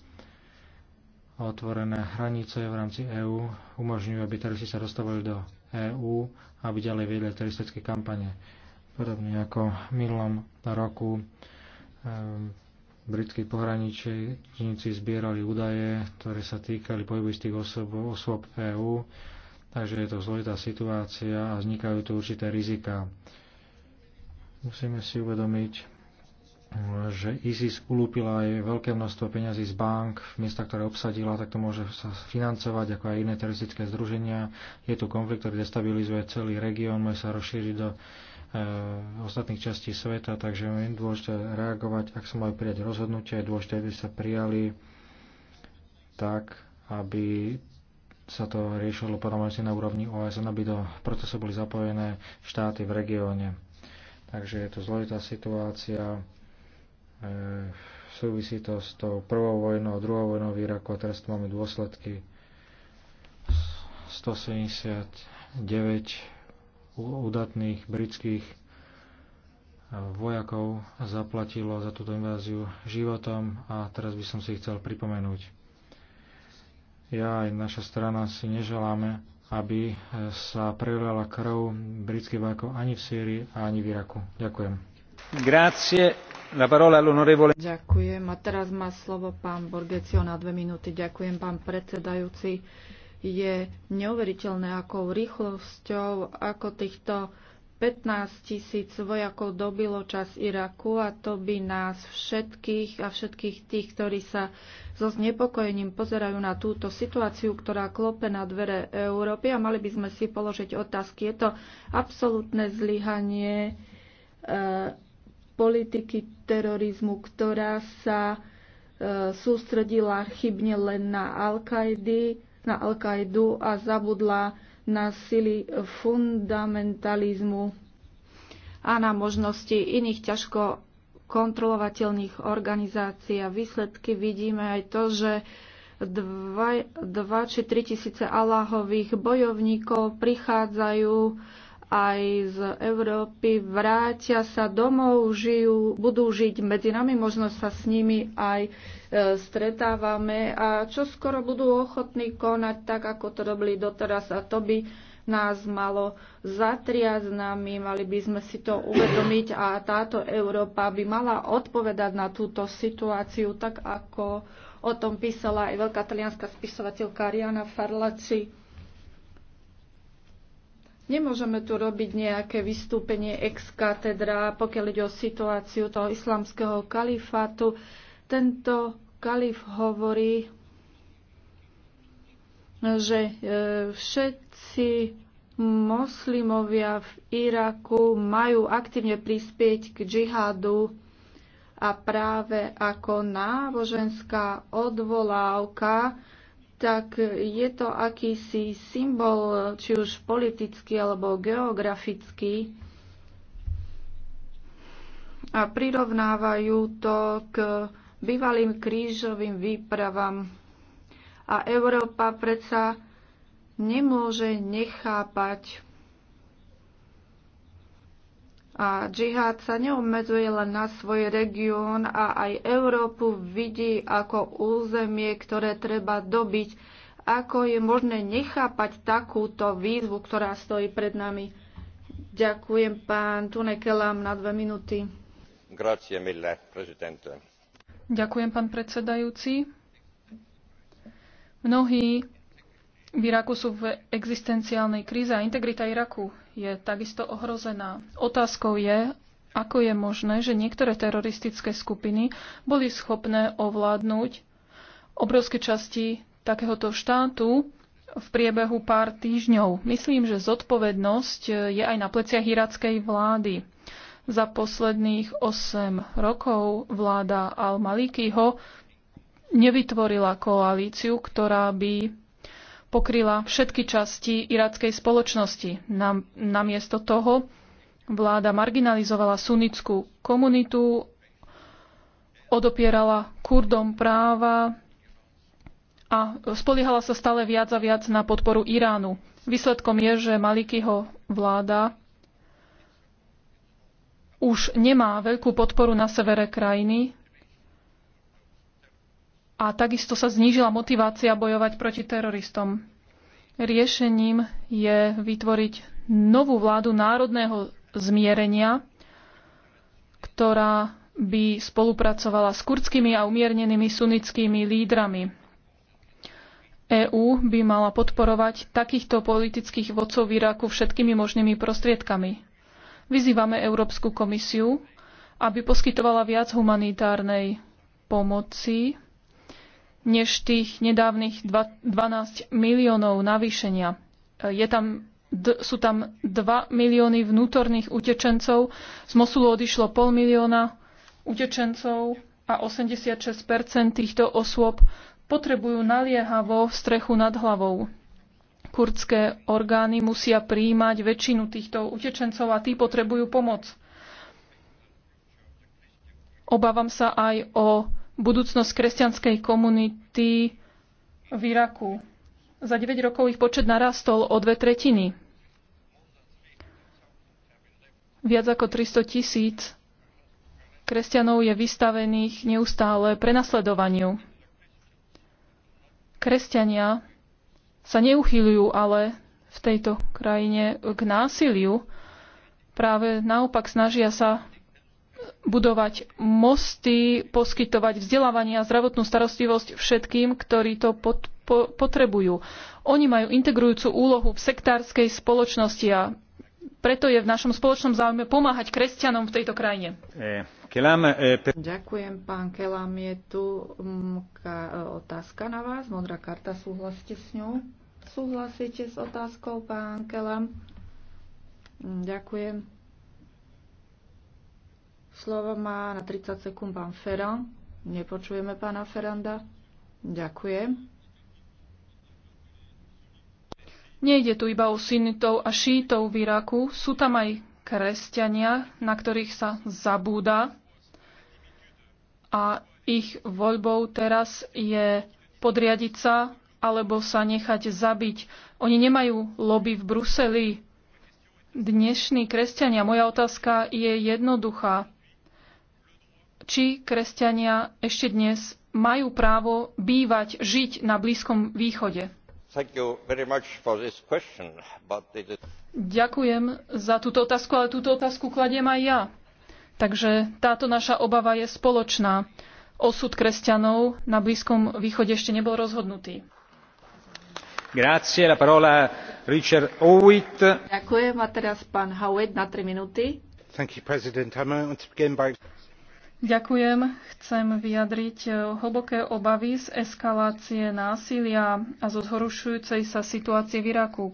otvorené hranice v rámci EÚ umožňujú, aby teroristi sa dostávali do EÚ, aby ďalej viedli teroristické kampane podobne ako v minulom roku ehm, britskí pohraničníci zbierali údaje, ktoré sa týkali pohybistých istých osob, osôb EÚ, takže je to zložitá situácia a vznikajú tu určité rizika. Musíme si uvedomiť, že ISIS ulúpila aj veľké množstvo peňazí z bank v miesta, ktoré obsadila, tak to môže sa financovať ako aj iné teroristické združenia. Je tu konflikt, ktorý destabilizuje celý región, môže sa rozšíriť do Eh, ostatných častí sveta, takže je dôležité reagovať, ak sa majú prijať rozhodnutia, je dôležité, aby sa prijali tak, aby sa to riešilo potom aj na úrovni OSN, aby do procesu boli zapojené štáty v regióne. Takže je to zložitá situácia, e, súvisí to s tou prvou vojnou, druhou vojnou v Iraku a teraz tu máme dôsledky 179 udatných britských vojakov zaplatilo za túto inváziu životom a teraz by som si chcel pripomenúť. Ja aj naša strana si neželáme, aby sa prelala krv britských vojakov ani v Sýrii, ani v Iraku. Ďakujem. Grazie. La parola all'onorevole. Ďakujem. A teraz má slovo pán Borgecio na dve minúty. Ďakujem, pán predsedajúci. Je neuveriteľné, akou rýchlosťou, ako týchto 15 tisíc vojakov dobilo čas Iraku a to by nás všetkých a všetkých tých, ktorí sa so znepokojením pozerajú na túto situáciu, ktorá klope na dvere Európy a mali by sme si položiť otázky. Je to absolútne zlyhanie e, politiky terorizmu, ktorá sa e, sústredila chybne len na Al-Kaidy, na Al-Kaidu a zabudla na sily fundamentalizmu a na možnosti iných ťažko kontrolovateľných organizácií. A výsledky vidíme aj to, že 2, 2 či 3 tisíce Allahových bojovníkov prichádzajú aj z Európy, vrátia sa domov, žijú, budú žiť medzi nami, možno sa s nimi aj e, stretávame a čo skoro budú ochotní konať tak, ako to robili doteraz a to by nás malo zatriať nami, mali by sme si to uvedomiť a táto Európa by mala odpovedať na túto situáciu, tak ako o tom písala aj veľká talianská spisovateľka Riana Farlaci Nemôžeme tu robiť nejaké vystúpenie ex katedra, pokiaľ ide o situáciu toho islamského kalifátu. Tento kalif hovorí, že e, všetci moslimovia v Iraku majú aktívne prispieť k džihadu a práve ako náboženská odvolávka tak je to akýsi symbol, či už politický alebo geografický. A prirovnávajú to k bývalým krížovým výpravám. A Európa predsa nemôže nechápať a džihad sa neobmedzuje len na svoj región a aj Európu vidí ako územie, ktoré treba dobiť. Ako je možné nechápať takúto výzvu, ktorá stojí pred nami? Ďakujem pán Tunekelám na dve minúty. Grazie mille, prezidente. Ďakujem pán predsedajúci. Mnohí v Iraku sú v existenciálnej kríze a integrita Iraku je takisto ohrozená. Otázkou je, ako je možné, že niektoré teroristické skupiny boli schopné ovládnuť obrovské časti takéhoto štátu v priebehu pár týždňov. Myslím, že zodpovednosť je aj na pleciach irackej vlády. Za posledných 8 rokov vláda Al-Malikiho nevytvorila koalíciu, ktorá by pokryla všetky časti irackej spoločnosti. Nam, namiesto toho vláda marginalizovala sunnickú komunitu, odopierala kurdom práva a spoliehala sa stále viac a viac na podporu Iránu. Výsledkom je, že Malikyho vláda už nemá veľkú podporu na severe krajiny a takisto sa znížila motivácia bojovať proti teroristom. Riešením je vytvoriť novú vládu národného zmierenia, ktorá by spolupracovala s kurdskými a umiernenými sunnickými lídrami. EÚ by mala podporovať takýchto politických vodcov v Iraku všetkými možnými prostriedkami. Vyzývame Európsku komisiu, aby poskytovala viac humanitárnej pomoci než tých nedávnych 12 miliónov navýšenia. E, je tam, sú tam 2 milióny vnútorných utečencov, z Mosulu odišlo pol milióna utečencov a 86 týchto osôb potrebujú naliehavo strechu nad hlavou. Kurdské orgány musia príjmať väčšinu týchto utečencov a tí potrebujú pomoc. Obávam sa aj o budúcnosť kresťanskej komunity v Iraku. Za 9 rokov ich počet narastol o dve tretiny. Viac ako 300 tisíc kresťanov je vystavených neustále prenasledovaniu. Kresťania sa neuchýľujú, ale v tejto krajine k násiliu. Práve naopak snažia sa budovať mosty, poskytovať vzdelávanie a zdravotnú starostlivosť všetkým, ktorí to pod, po, potrebujú. Oni majú integrujúcu úlohu v sektárskej spoločnosti a preto je v našom spoločnom záujme pomáhať kresťanom v tejto krajine. Eh, eh, ďakujem, pán Kelam. Je tu mm, eh, otázka na vás. Modrá karta, súhlasíte s ňou? Súhlasíte s otázkou, pán Kelam? Mm, ďakujem. Slovo má na 30 sekúnd pán Ferran. Nepočujeme pána Ferranda. Ďakujem. Nejde tu iba o synitov a šítov v Iraku, sú tam aj kresťania, na ktorých sa zabúda. A ich voľbou teraz je podriadiť sa alebo sa nechať zabiť. Oni nemajú lobby v Bruseli. Dnešní kresťania, moja otázka je jednoduchá či kresťania ešte dnes majú právo bývať, žiť na Blízkom východe. Ďakujem za túto otázku, ale túto otázku kladiem aj ja. Takže táto naša obava je spoločná. Osud kresťanov na Blízkom východe ešte nebol rozhodnutý. Grazie, la parola Richard Howitt. Ďakujem a teraz pán Howitt na 3 minúty. Thank you, President. I to begin by Ďakujem. Chcem vyjadriť e, hlboké obavy z eskalácie násilia a zo zhorušujúcej sa situácie v Iraku.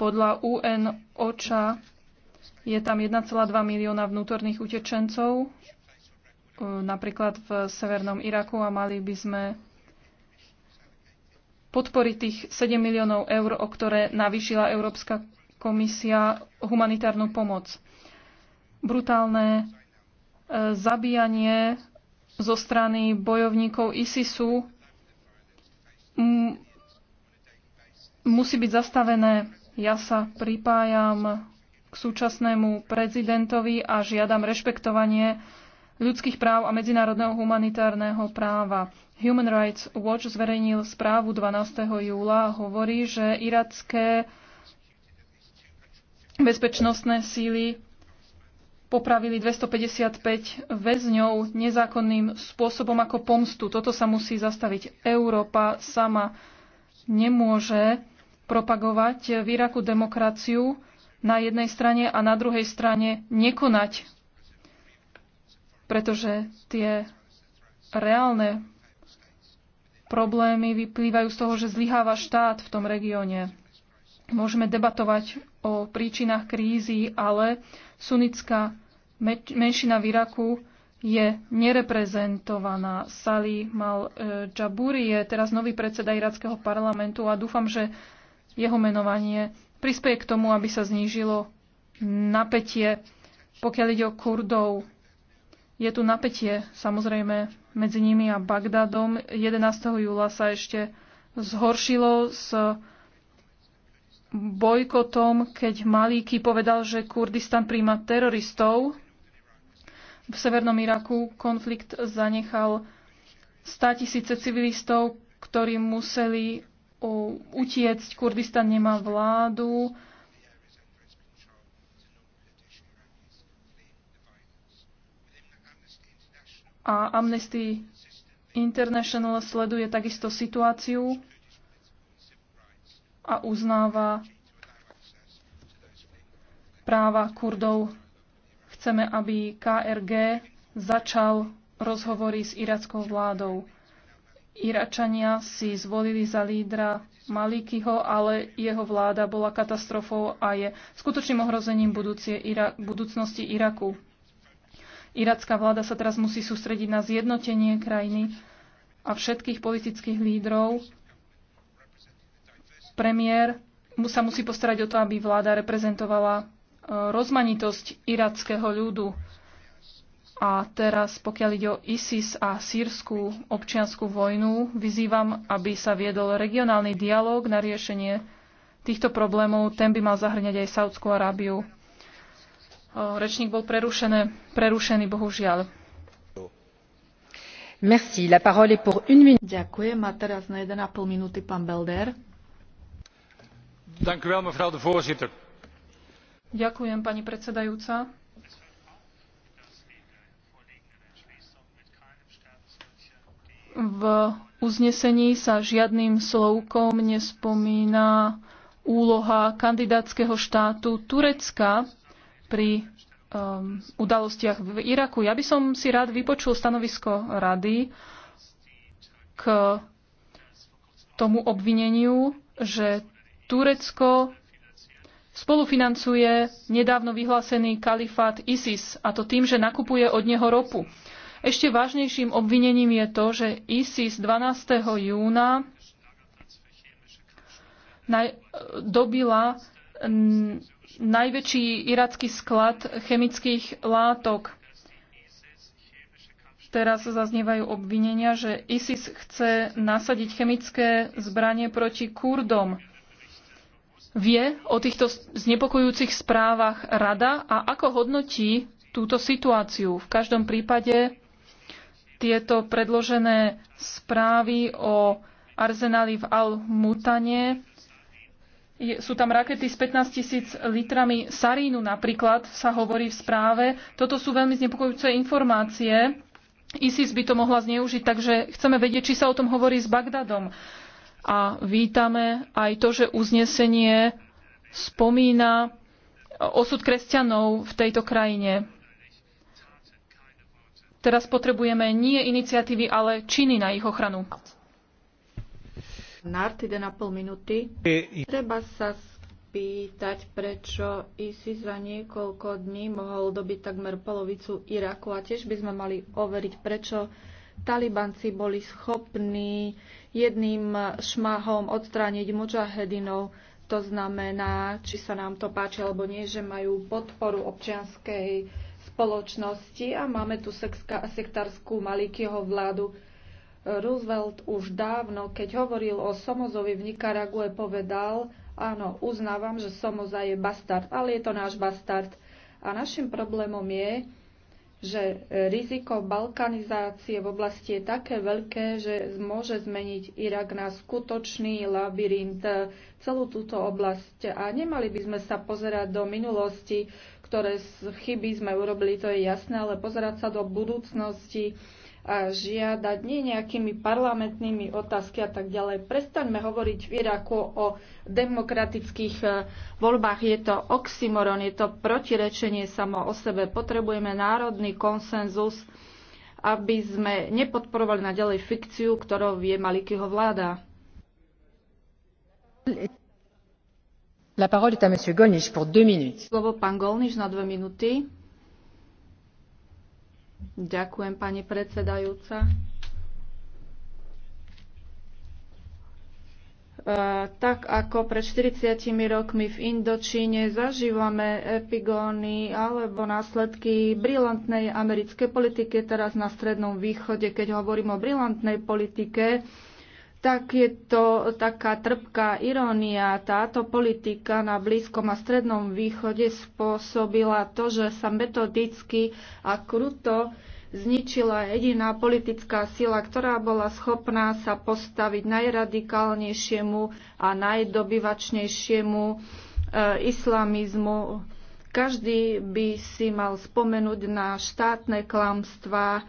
Podľa UN OCHA je tam 1,2 milióna vnútorných utečencov, e, napríklad v severnom Iraku a mali by sme podporiť tých 7 miliónov eur, o ktoré navýšila Európska komisia humanitárnu pomoc. Brutálne zabíjanie zo strany bojovníkov ISISu musí byť zastavené. Ja sa pripájam k súčasnému prezidentovi a žiadam rešpektovanie ľudských práv a medzinárodného humanitárneho práva. Human Rights Watch zverejnil správu 12. júla a hovorí, že iracké bezpečnostné síly popravili 255 väzňov nezákonným spôsobom ako pomstu. Toto sa musí zastaviť. Európa sama nemôže propagovať v Iraku demokraciu na jednej strane a na druhej strane nekonať, pretože tie reálne problémy vyplývajú z toho, že zlyháva štát v tom regióne. Môžeme debatovať o príčinách krízy, ale sunická menšina v Iraku je nereprezentovaná. Sali mal e, Džaburi je teraz nový predseda irackého parlamentu a dúfam, že jeho menovanie prispieje k tomu, aby sa znížilo napätie, pokiaľ ide o Kurdov. Je tu napätie, samozrejme, medzi nimi a Bagdadom. 11. júla sa ešte zhoršilo s bojkotom, keď Malíky povedal, že Kurdistan príjma teroristov v severnom Iraku konflikt zanechal 100 tisíce civilistov, ktorí museli utiecť. Kurdistan nemá vládu. A Amnesty International sleduje takisto situáciu a uznáva práva Kurdov Chceme, aby KRG začal rozhovory s irackou vládou. Iračania si zvolili za lídra Malikyho, ale jeho vláda bola katastrofou a je skutočným ohrozením Ira- budúcnosti Iraku. Iracká vláda sa teraz musí sústrediť na zjednotenie krajiny a všetkých politických lídrov. Premiér sa musí postarať o to, aby vláda reprezentovala rozmanitosť irackého ľudu. A teraz, pokiaľ ide o ISIS a sírskú občianskú vojnu, vyzývam, aby sa viedol regionálny dialog na riešenie týchto problémov. Ten by mal zahrňať aj Saudskú Arábiu. Rečník bol prerušený, prerušený bohužiaľ. Merci. La parole est pour une minute. Ďakujem. A teraz na 1,5 minúty pán Belder. Dank u wel, mevrouw de voorzitter Ďakujem, pani predsedajúca. V uznesení sa žiadnym slovkom nespomína úloha kandidátskeho štátu Turecka pri um, udalostiach v Iraku. Ja by som si rád vypočul stanovisko rady k tomu obvineniu, že Turecko spolufinancuje nedávno vyhlásený kalifát ISIS, a to tým, že nakupuje od neho ropu. Ešte vážnejším obvinením je to, že ISIS 12. júna dobila najväčší iracký sklad chemických látok. Teraz zaznievajú obvinenia, že ISIS chce nasadiť chemické zbranie proti Kurdom vie o týchto znepokojujúcich správach rada a ako hodnotí túto situáciu. V každom prípade tieto predložené správy o arzenáli v Al-Mutane sú tam rakety s 15 tisíc litrami sarínu napríklad, sa hovorí v správe. Toto sú veľmi znepokojúce informácie. ISIS by to mohla zneužiť, takže chceme vedieť, či sa o tom hovorí s Bagdadom a vítame aj to, že uznesenie spomína osud kresťanov v tejto krajine. Teraz potrebujeme nie iniciatívy, ale činy na ich ochranu. Nart, pol minúty. Treba sa spýtať, prečo si za niekoľko dní mohol dobiť takmer polovicu Iraku a tiež by sme mali overiť, prečo talibanci boli schopní jedným šmahom odstrániť mužahedinov. To znamená, či sa nám to páči alebo nie, že majú podporu občianskej spoločnosti a máme tu sektárskú Malikyho vládu. Roosevelt už dávno, keď hovoril o Somozovi v Nikarague, povedal, áno, uznávam, že Somoza je bastard, ale je to náš bastard. A našim problémom je, že e, riziko balkanizácie v oblasti je také veľké, že môže zmeniť Irak na skutočný labyrint e, celú túto oblasť. A nemali by sme sa pozerať do minulosti, ktoré chyby sme urobili, to je jasné, ale pozerať sa do budúcnosti, žiadať nie nejakými parlamentnými otázky a tak ďalej. Prestaňme hovoriť v Iraku o demokratických e, voľbách. Je to oxymoron, je to protirečenie samo o sebe. Potrebujeme národný konsenzus, aby sme nepodporovali naďalej fikciu, ktorou je Malikyho vláda. La parole est à monsieur Golnisch pour deux minutes. Slovo pán Golnisch na dve minúty. Ďakujem, pani predsedajúca. E, tak ako pred 40 rokmi v Indočíne zažívame epigóny alebo následky brilantnej americkej politiky, teraz na Strednom východe, keď hovorím o brilantnej politike, tak je to taká trpká irónia. Táto politika na Blízkom a Strednom východe spôsobila to, že sa metodicky a kruto zničila jediná politická sila, ktorá bola schopná sa postaviť najradikálnejšiemu a najdobyvačnejšiemu e, islamizmu. Každý by si mal spomenúť na štátne klamstvá,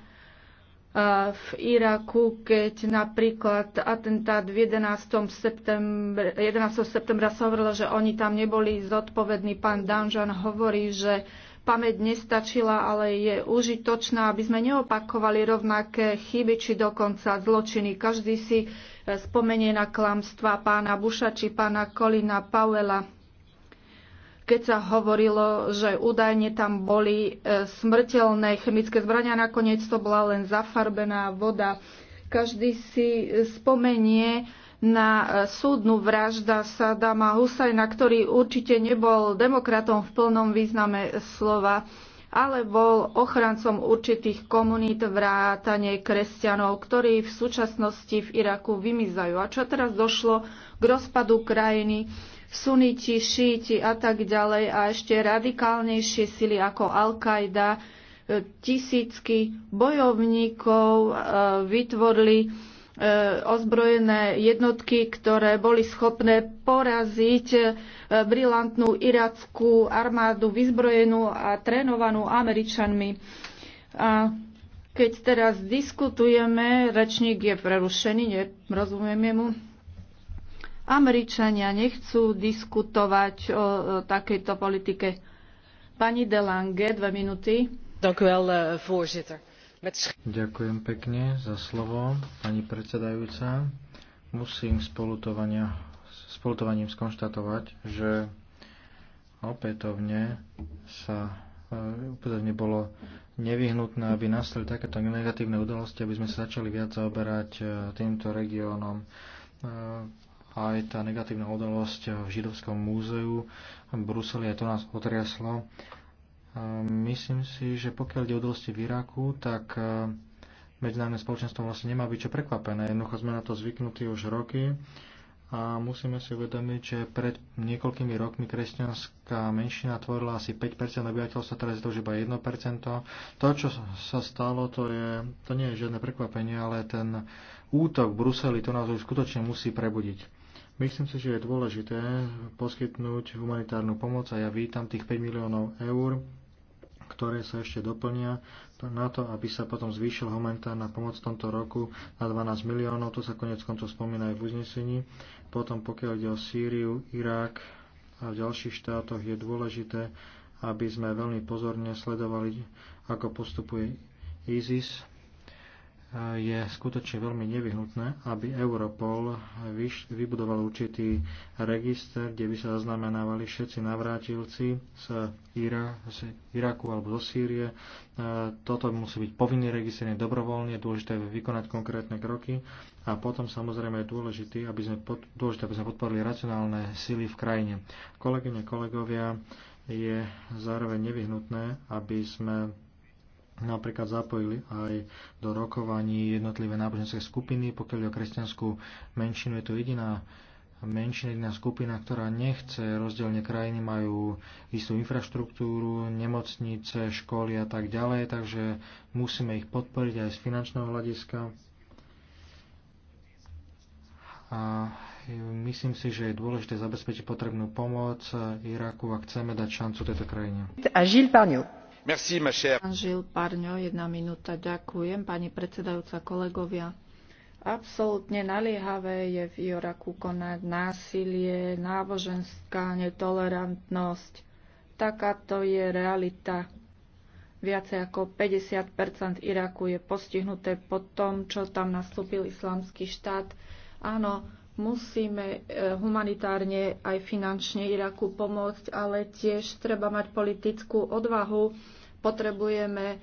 v Iraku, keď napríklad atentát v 11. septembra, 11. septembra sa hovorilo, že oni tam neboli zodpovední. Pán Danžan hovorí, že pamäť nestačila, ale je užitočná, aby sme neopakovali rovnaké chyby či dokonca zločiny. Každý si e, spomenie na klamstva pána Buša či pána Kolina Pauela keď sa hovorilo, že údajne tam boli e, smrteľné chemické zbrania, nakoniec to bola len zafarbená voda. Každý si e, spomenie na e, súdnu vražda Sadama Husajna, ktorý určite nebol demokratom v plnom význame slova, ale bol ochrancom určitých komunít vrátane kresťanov, ktorí v súčasnosti v Iraku vymizajú. A čo teraz došlo k rozpadu krajiny? suniti, šíti a tak ďalej a ešte radikálnejšie sily ako Al-Qaida, e, tisícky bojovníkov e, vytvorili e, ozbrojené jednotky, ktoré boli schopné poraziť brilantnú irackú armádu vyzbrojenú a trénovanú Američanmi. A keď teraz diskutujeme, rečník je prerušený, nerozumiem jemu. Američania nechcú diskutovať o takejto politike. Pani Delange, dve minúty. Eh, Ďakujem pekne za slovo, pani predsedajúca. Musím s spolutovaním skonštatovať, že opätovne sa eh, opätovne bolo nevyhnutné, aby nastali takéto negatívne udalosti, aby sme sa začali viac zaoberať eh, týmto regiónom aj tá negatívna udalosť v Židovskom múzeu v Bruseli, aj to nás otriaslo. Myslím si, že pokiaľ ide odolosti v Iraku, tak e, medzinárodné spoločenstvo vlastne nemá byť čo prekvapené. Jednoducho sme na to zvyknutí už roky a musíme si uvedomiť, že pred niekoľkými rokmi kresťanská menšina tvorila asi 5% obyvateľstva, teraz je to už iba 1%. To, čo sa stalo, to, je, to nie je žiadne prekvapenie, ale ten útok v Bruseli, to nás už skutočne musí prebudiť. Myslím si, že je dôležité poskytnúť humanitárnu pomoc a ja vítam tých 5 miliónov eur, ktoré sa ešte doplnia na to, aby sa potom zvýšila humanitárna pomoc v tomto roku na 12 miliónov, to sa konec koncov spomína aj v uznesení. Potom pokiaľ ide o Sýriu, Irák a v ďalších štátoch je dôležité, aby sme veľmi pozorne sledovali, ako postupuje ISIS je skutočne veľmi nevyhnutné, aby Europol vybudoval určitý register, kde by sa zaznamenávali všetci navrátilci z, Ira, z Iraku alebo zo Sýrie. E, toto musí byť povinný register, dobrovoľne, je dôležité vykonať konkrétne kroky a potom samozrejme je dôležité, aby sme, pod, dôležité, aby sme podporili racionálne sily v krajine. Kolegyne, kolegovia, je zároveň nevyhnutné, aby sme napríklad zapojili aj do rokovaní jednotlivé náboženské skupiny. Pokiaľ je o kresťanskú menšinu, je to jediná menšina, jediná skupina, ktorá nechce rozdielne krajiny, majú istú infraštruktúru, nemocnice, školy a tak ďalej, takže musíme ich podporiť aj z finančného hľadiska. A myslím si, že je dôležité zabezpečiť potrebnú pomoc Iraku a chceme dať šancu tejto krajine. A Gilles Parniou jedna minúta. Ďakujem, pani predsedajúca, kolegovia. Absolútne naliehavé je v Iraku konať násilie, náboženská netolerantnosť. Takáto je realita. Viacej ako 50 Iraku je postihnuté po tom, čo tam nastúpil islamský štát. Áno, Musíme e, humanitárne aj finančne Iraku pomôcť, ale tiež treba mať politickú odvahu. Potrebujeme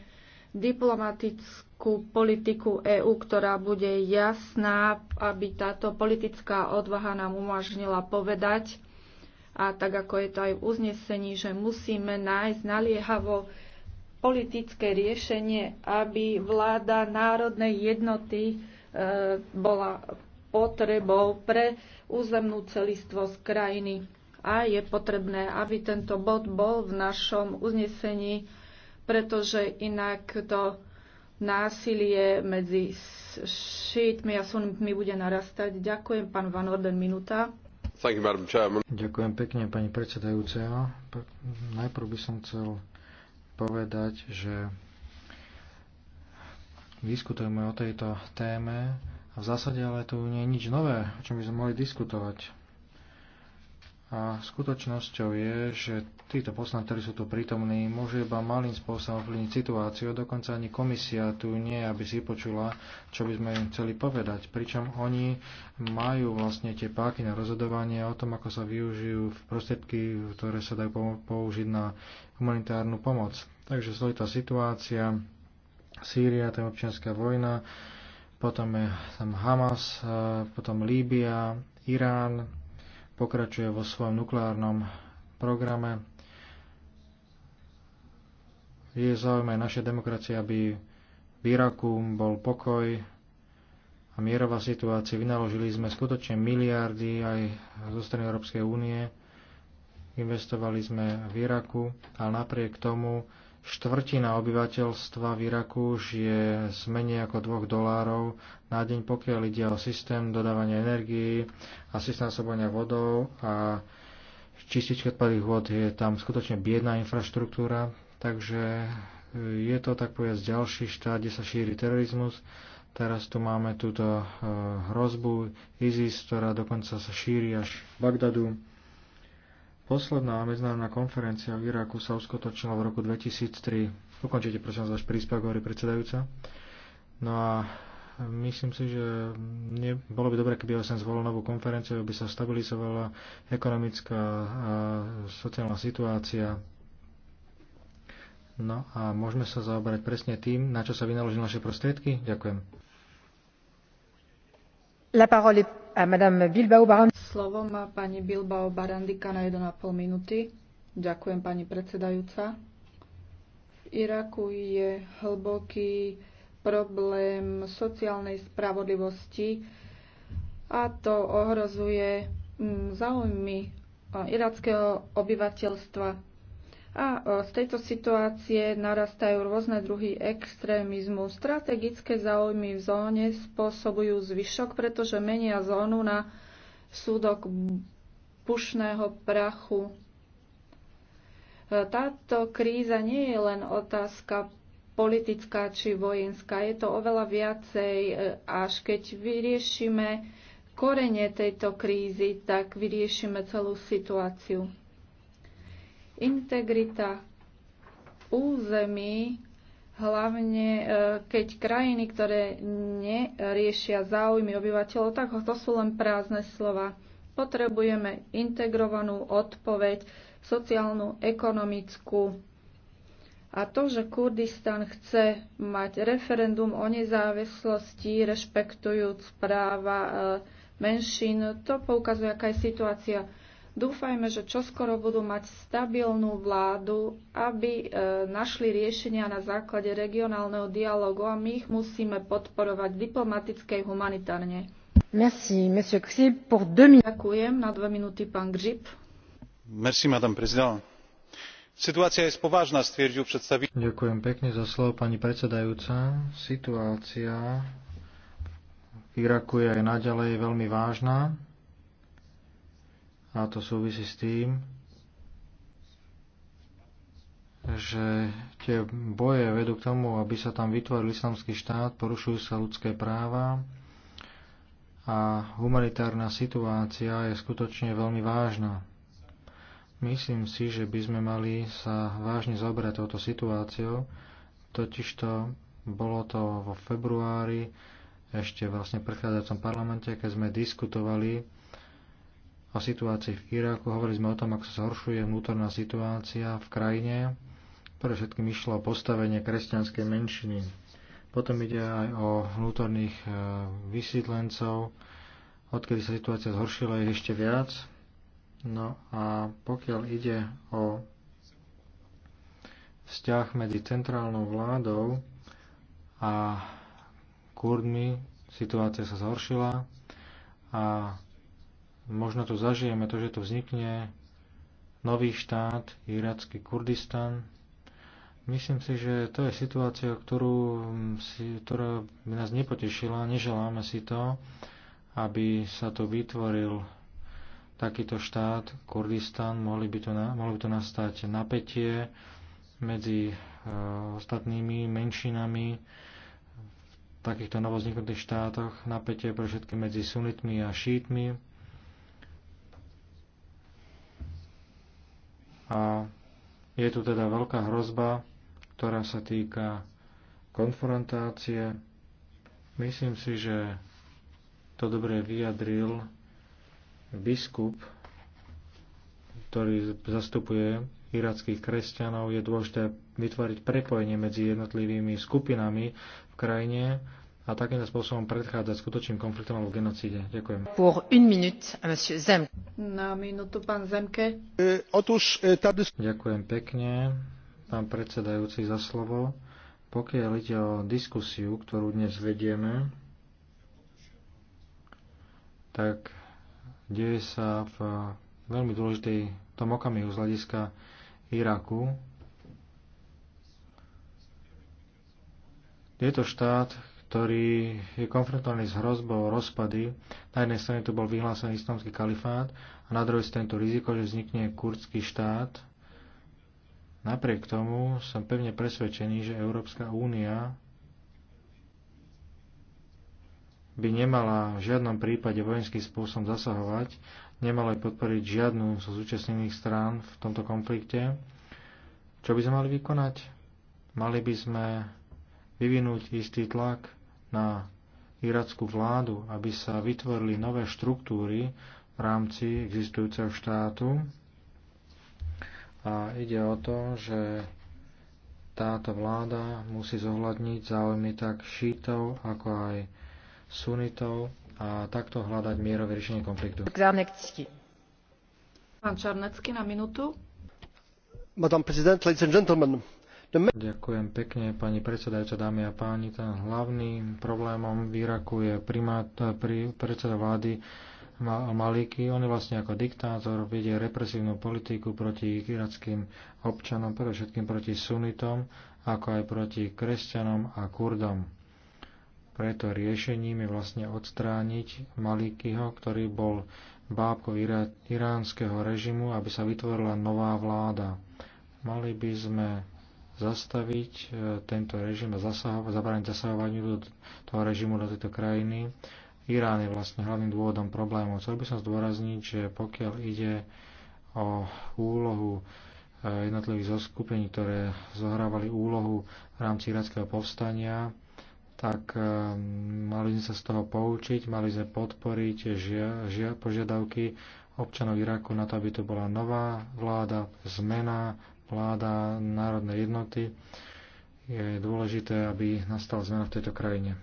diplomatickú politiku EÚ, ktorá bude jasná, aby táto politická odvaha nám umožnila povedať, a tak ako je to aj v uznesení, že musíme nájsť naliehavo politické riešenie, aby vláda národnej jednoty e, bola potrebou pre územnú celistvosť krajiny. A je potrebné, aby tento bod bol v našom uznesení, pretože inak to násilie medzi šítmi a sunnitmi bude narastať. Ďakujem, pán Van Orden, minúta. Ďakujem pekne, pani predsedajúca. Najprv by som chcel povedať, že diskutujeme o tejto téme a v zásade ale tu nie je nič nové, o čom by sme mohli diskutovať. A skutočnosťou je, že títo poslanci, ktorí sú tu prítomní, môžu iba malým spôsobom ovplyvniť situáciu. Dokonca ani komisia tu nie, aby si počula, čo by sme im chceli povedať. Pričom oni majú vlastne tie páky na rozhodovanie o tom, ako sa využijú v prostriedky, ktoré sa dajú použiť na humanitárnu pomoc. Takže zložitá situácia, Sýria, tá občianská vojna, potom je tam Hamas, e, potom Líbia, Irán pokračuje vo svojom nukleárnom programe. Je zaujímavé naše demokracie, aby v Iraku bol pokoj a mierová situácia. Vynaložili sme skutočne miliardy aj zo strany Európskej únie. Investovali sme v Iraku, ale napriek tomu štvrtina obyvateľstva v Iraku žije z menej ako 2 dolárov na deň, pokiaľ ide o systém dodávania energii a systém zásobovania vodou a čističky odpadných vod je tam skutočne biedná infraštruktúra, takže e, je to tak povedať ďalší štát, kde sa šíri terorizmus. Teraz tu máme túto e, hrozbu ISIS, ktorá dokonca sa šíri až v Bagdadu Posledná medzinárodná konferencia v Iraku sa uskutočnila v roku 2003. Ukončite prosím váš príspevok, hovorí predsedajúca. No a myslím si, že nie, bolo by dobre, keby som zvolil novú konferenciu, aby sa stabilizovala ekonomická a sociálna situácia. No a môžeme sa zaoberať presne tým, na čo sa vynaložili naše prostriedky. Ďakujem. La parole est à Madame Bilbao Baran. Slovo má pani Bilbao Barandika na 1,5 minúty. Ďakujem, pani predsedajúca. V Iraku je hlboký problém sociálnej spravodlivosti a to ohrozuje mm, záujmy irackého obyvateľstva. A z tejto situácie narastajú rôzne druhy extrémizmu. Strategické záujmy v zóne spôsobujú zvyšok, pretože menia zónu na súdok pušného prachu. Táto kríza nie je len otázka politická či vojenská. Je to oveľa viacej, e, až keď vyriešime korene tejto krízy, tak vyriešime celú situáciu. Integrita území hlavne e, keď krajiny, ktoré neriešia záujmy obyvateľov, tak to sú len prázdne slova. Potrebujeme integrovanú odpoveď, sociálnu, ekonomickú. A to, že Kurdistan chce mať referendum o nezávislosti, rešpektujúc práva e, menšín, to poukazuje, aká je situácia Dúfajme, že čoskoro budú mať stabilnú vládu, aby e, našli riešenia na základe regionálneho dialogu a my ich musíme podporovať diplomaticky a humanitárne. Merci, monsieur Grip, pour deux minutes. Ďakujem na dve minúty, pán Grip. Merci, madame président. Situácia je spovážna, stvierdil predstaviteľ. Ďakujem pekne za slovo, pani predsedajúca. Situácia v Iraku je aj naďalej veľmi vážna a to súvisí s tým, že tie boje vedú k tomu, aby sa tam vytvoril islamský štát, porušujú sa ľudské práva a humanitárna situácia je skutočne veľmi vážna. Myslím si, že by sme mali sa vážne zaoberať touto situáciou, totižto bolo to vo februári, ešte vlastne v predchádzajúcom parlamente, keď sme diskutovali o situácii v Iráku, hovorili sme o tom, ako sa zhoršuje vnútorná situácia v krajine. Pre všetkým išlo o postavenie kresťanskej menšiny. Potom ide aj o vnútorných e, vysídlencov. Odkedy sa situácia zhoršila, je ešte viac. No a pokiaľ ide o vzťah medzi centrálnou vládou a Kurdmi, situácia sa zhoršila a možno tu zažijeme to, že tu vznikne nový štát, iracký Kurdistan. Myslím si, že to je situácia, ktorú si, ktorá by nás nepotešila, neželáme si to, aby sa tu vytvoril takýto štát, Kurdistan, mohli by to na, mohlo by to nastať napätie medzi e, ostatnými menšinami v takýchto novozniknutých štátoch, napätie pre všetky medzi sunitmi a šítmi, A je tu teda veľká hrozba, ktorá sa týka konfrontácie. Myslím si, že to dobre vyjadril biskup, ktorý zastupuje irackých kresťanov. Je dôležité vytvoriť prepojenie medzi jednotlivými skupinami v krajine, a takýmto spôsobom predchádzať skutočným konfliktom alebo genocíde. Ďakujem. Pour une minute, monsieur Zem. Na minútu, pán Zemke. E, otuž, e, Ďakujem pekne, pán predsedajúci, za slovo. Pokiaľ ide o diskusiu, ktorú dnes vedieme, tak deje sa v veľmi dôležitej tom okamihu z hľadiska Iraku. Je to štát, ktorý je konfrontovaný s hrozbou rozpady. Na jednej strane tu bol vyhlásený islamský kalifát a na druhej strane tu riziko, že vznikne kurdský štát. Napriek tomu som pevne presvedčený, že Európska únia by nemala v žiadnom prípade vojenským spôsobom zasahovať, nemala aj podporiť žiadnu zo zúčastnených strán v tomto konflikte. Čo by sme mali vykonať? Mali by sme vyvinúť istý tlak na irackú vládu, aby sa vytvorili nové štruktúry v rámci existujúceho štátu. A ide o to, že táto vláda musí zohľadniť záujmy tak šítov, ako aj sunitov a takto hľadať mierové riešenie konfliktu. Pán Čarnecký na minútu. Madame President, ladies and gentlemen. Ďakujem pekne, pani predsedajúca, dámy a páni. Ten hlavným problémom v Iraku je primát, pri, predseda vlády Maliki. On je vlastne ako diktátor, vedie represívnu politiku proti irackým občanom, predovšetkým proti sunitom, ako aj proti kresťanom a kurdom. Preto riešením je vlastne odstrániť Malikiho, ktorý bol bábkou iránskeho režimu, aby sa vytvorila nová vláda. Mali by sme zastaviť e, tento režim a zasahovať, zabrániť zasahovaniu do toho režimu do tejto krajiny. Irán je vlastne hlavným dôvodom problémov. Chcel by som zdôrazniť, že pokiaľ ide o úlohu e, jednotlivých zoskupení, ktoré zohrávali úlohu v rámci irackého povstania, tak e, mali sme sa z toho poučiť, mali sme podporiť žia, žia, požiadavky občanov Iraku na to, aby to bola nová vláda, zmena, vláda národnej jednoty, je dôležité, aby nastala zmena v tejto krajine.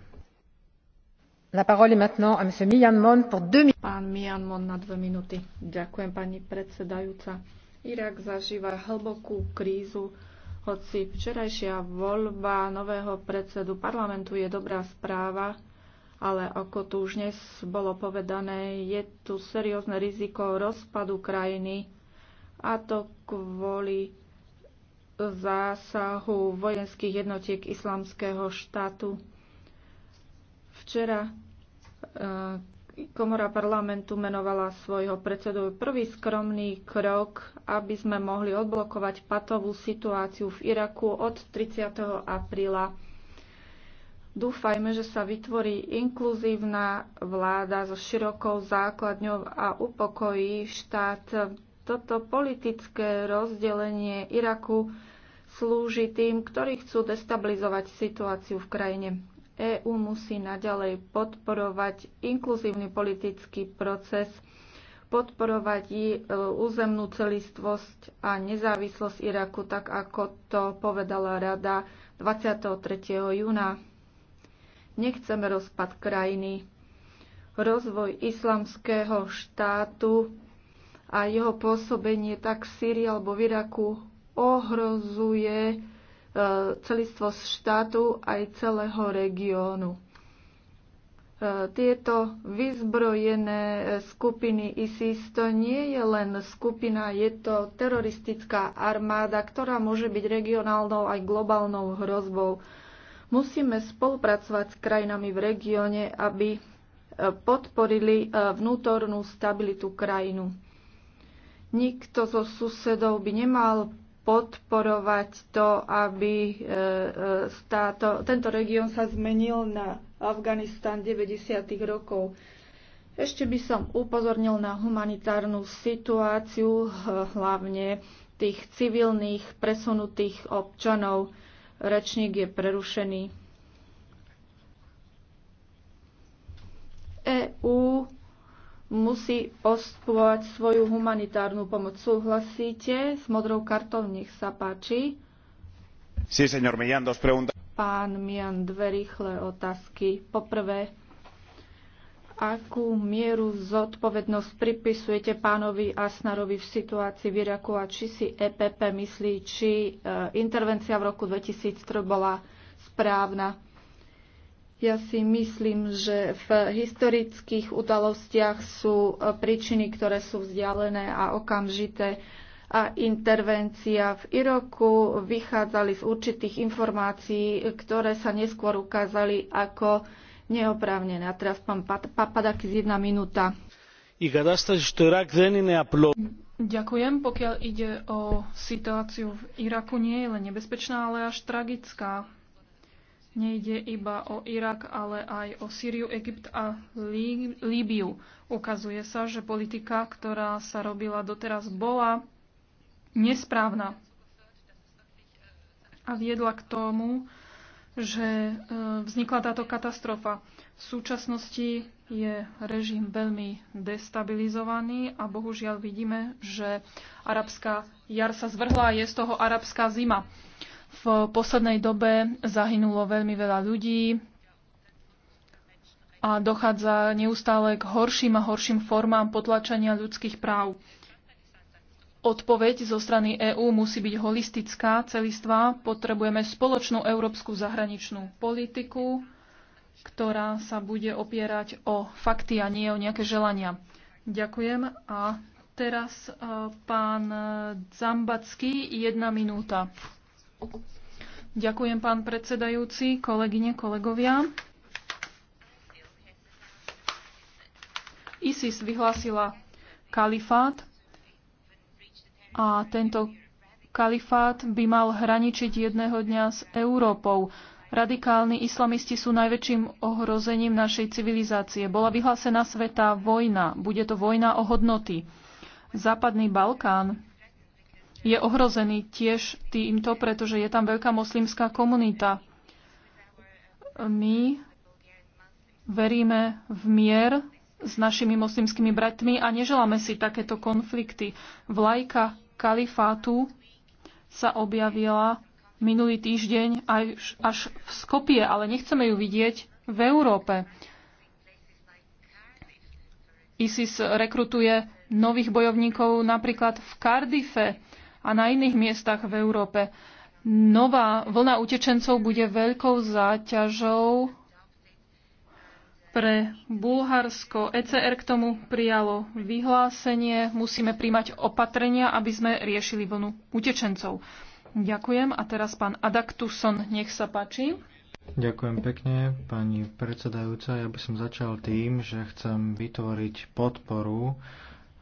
La parole est maintenant à M. Mianmon pour deux minutes. Pán Mianmon na dve minúty. Ďakujem, pani predsedajúca. Irak zažíva hlbokú krízu, hoci včerajšia voľba nového predsedu parlamentu je dobrá správa, ale ako tu už dnes bolo povedané, je tu seriózne riziko rozpadu krajiny, a to kvôli zásahu vojenských jednotiek islamského štátu. Včera eh, komora parlamentu menovala svojho predsedu prvý skromný krok, aby sme mohli odblokovať patovú situáciu v Iraku od 30. apríla. Dúfajme, že sa vytvorí inkluzívna vláda so širokou základňou a upokojí štát. Toto politické rozdelenie Iraku slúži tým, ktorí chcú destabilizovať situáciu v krajine. EÚ musí naďalej podporovať inkluzívny politický proces, podporovať e, územnú celistvosť a nezávislosť Iraku, tak ako to povedala Rada 23. júna. Nechceme rozpad krajiny. Rozvoj islamského štátu a jeho pôsobenie tak v Syrii alebo v Iraku ohrozuje e, celistvosť štátu aj celého regiónu. E, tieto vyzbrojené e, skupiny ISIS to nie je len skupina, je to teroristická armáda, ktorá môže byť regionálnou aj globálnou hrozbou. Musíme spolupracovať s krajinami v regióne, aby podporili vnútornú stabilitu krajinu. Nikto zo susedov by nemal podporovať to, aby e, e, táto, tento región sa zmenil na Afganistan 90. rokov. Ešte by som upozornil na humanitárnu situáciu, e, hlavne tých civilných presunutých občanov. Rečník je prerušený. EU musí postupovať svoju humanitárnu pomoc. Súhlasíte s modrou kartou? Nech sa páči. Sí, señor Millán, dos preguntas. Pán Mian, dve rýchle otázky. Poprvé, akú mieru zodpovednosť pripisujete pánovi Asnarovi v situácii v Iraku a či si EPP myslí, či e, intervencia v roku 2003 bola správna. Ja si myslím, že v historických udalostiach sú e, príčiny, ktoré sú vzdialené a okamžité. A intervencia v Iroku vychádzali z určitých informácií, ktoré sa neskôr ukázali ako neoprávnené. A teraz pán z jedna minúta. Ďakujem. Pokiaľ ide o situáciu v Iraku, nie je len nebezpečná, ale až tragická Nejde iba o Irak, ale aj o Sýriu, Egypt a Lí- Líbiu. Ukazuje sa, že politika, ktorá sa robila doteraz, bola nesprávna a viedla k tomu, že e, vznikla táto katastrofa. V súčasnosti je režim veľmi destabilizovaný a bohužiaľ vidíme, že arabská jar sa zvrhla a je z toho arabská zima. V poslednej dobe zahynulo veľmi veľa ľudí a dochádza neustále k horším a horším formám potlačania ľudských práv. Odpoveď zo strany EÚ musí byť holistická, celistvá. Potrebujeme spoločnú európsku zahraničnú politiku, ktorá sa bude opierať o fakty a nie o nejaké želania. Ďakujem. A teraz e, pán Zambacký, jedna minúta. Ďakujem, pán predsedajúci, kolegyne, kolegovia. ISIS vyhlásila kalifát a tento kalifát by mal hraničiť jedného dňa s Európou. Radikálni islamisti sú najväčším ohrozením našej civilizácie. Bola vyhlásená sveta vojna. Bude to vojna o hodnoty. Západný Balkán je ohrozený tiež týmto, pretože je tam veľká moslimská komunita. My veríme v mier s našimi moslimskými bratmi a neželáme si takéto konflikty. Vlajka kalifátu sa objavila minulý týždeň až, až v Skopie, ale nechceme ju vidieť v Európe. ISIS rekrutuje nových bojovníkov napríklad v Cardiffe a na iných miestach v Európe. Nová vlna utečencov bude veľkou záťažou pre Bulharsko. ECR k tomu prijalo vyhlásenie. Musíme príjmať opatrenia, aby sme riešili vlnu utečencov. Ďakujem. A teraz pán Adaktuson, nech sa páči. Ďakujem pekne, pani predsedajúca. Ja by som začal tým, že chcem vytvoriť podporu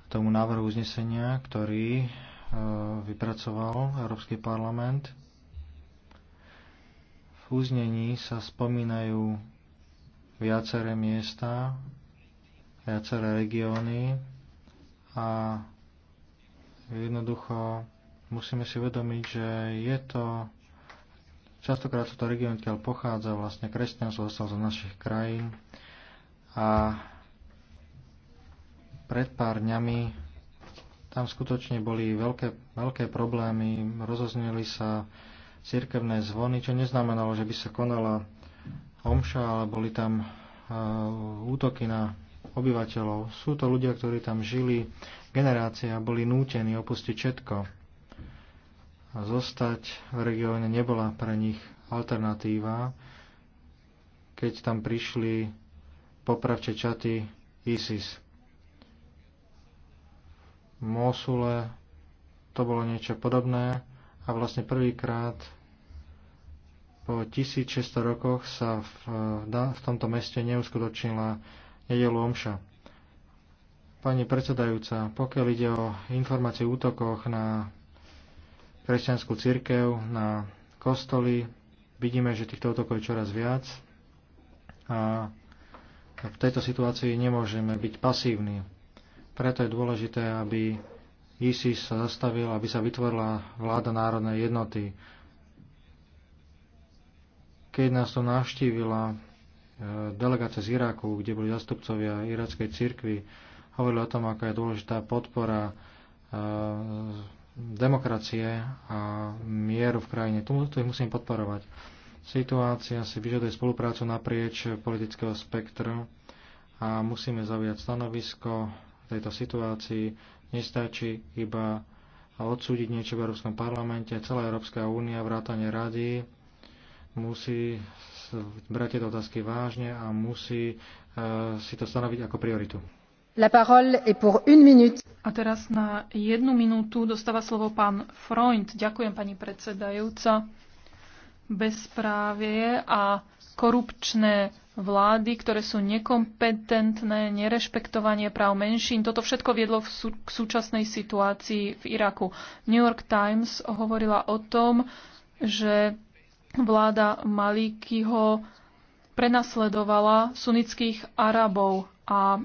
tomu návrhu uznesenia, ktorý Eh, vypracoval Európsky parlament. V uznení sa spomínajú viaceré miesta, viaceré regióny a jednoducho musíme si uvedomiť, že je to častokrát sú to regióny, odkiaľ pochádza vlastne kresťanstvo, zostalo z našich krajín a pred pár dňami tam skutočne boli veľké, veľké problémy, rozozneli sa cirkevné zvony, čo neznamenalo, že by sa konala omša, ale boli tam e, útoky na obyvateľov. Sú to ľudia, ktorí tam žili generácie a boli nútení opustiť všetko. A zostať v regióne nebola pre nich alternatíva, keď tam prišli popravče čaty ISIS. Mosule to bolo niečo podobné a vlastne prvýkrát po 1600 rokoch sa v, v tomto meste neuskutočnila nedelu Omša. Pani predsedajúca, pokiaľ ide o informácie o útokoch na kresťanskú církev, na kostoly, vidíme, že týchto útokov je čoraz viac a v tejto situácii nemôžeme byť pasívni preto je dôležité, aby ISIS sa zastavil, aby sa vytvorila vláda národnej jednoty. Keď nás to navštívila e, delegácia z Iraku, kde boli zastupcovia irackej cirkvi, hovorili o tom, aká je dôležitá podpora e, demokracie a mieru v krajine. Tu ich musím podporovať. Situácia si vyžaduje spoluprácu naprieč politického spektra a musíme zaviať stanovisko v tejto situácii. Nestačí iba odsúdiť niečo v Európskom parlamente. Celá Európska únia, vrátane rady, musí brať tieto otázky vážne a musí e, si to stanoviť ako prioritu. La parole est pour une minute. A teraz na jednu minútu dostáva slovo pán Freund. Ďakujem, pani predsedajúca. Bezprávie a korupčné vlády, ktoré sú nekompetentné, nerešpektovanie práv menšín. Toto všetko viedlo v k súčasnej situácii v Iraku. New York Times hovorila o tom, že vláda Malíkyho prenasledovala sunnických Arabov a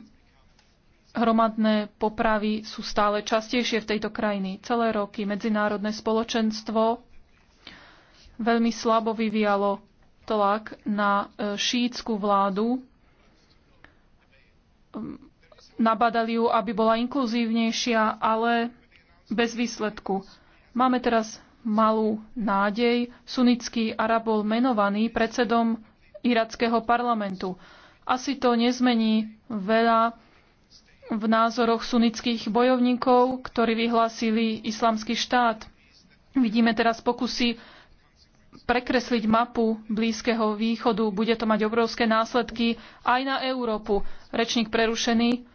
hromadné popravy sú stále častejšie v tejto krajiny. Celé roky medzinárodné spoločenstvo veľmi slabo vyvíjalo nátlak na e, šítsku vládu. Nabadali ju, aby bola inkluzívnejšia, ale bez výsledku. Máme teraz malú nádej. Sunnický Arab bol menovaný predsedom irackého parlamentu. Asi to nezmení veľa v názoroch sunnických bojovníkov, ktorí vyhlásili islamský štát. Vidíme teraz pokusy prekresliť mapu Blízkeho východu. Bude to mať obrovské následky aj na Európu. Rečník prerušený.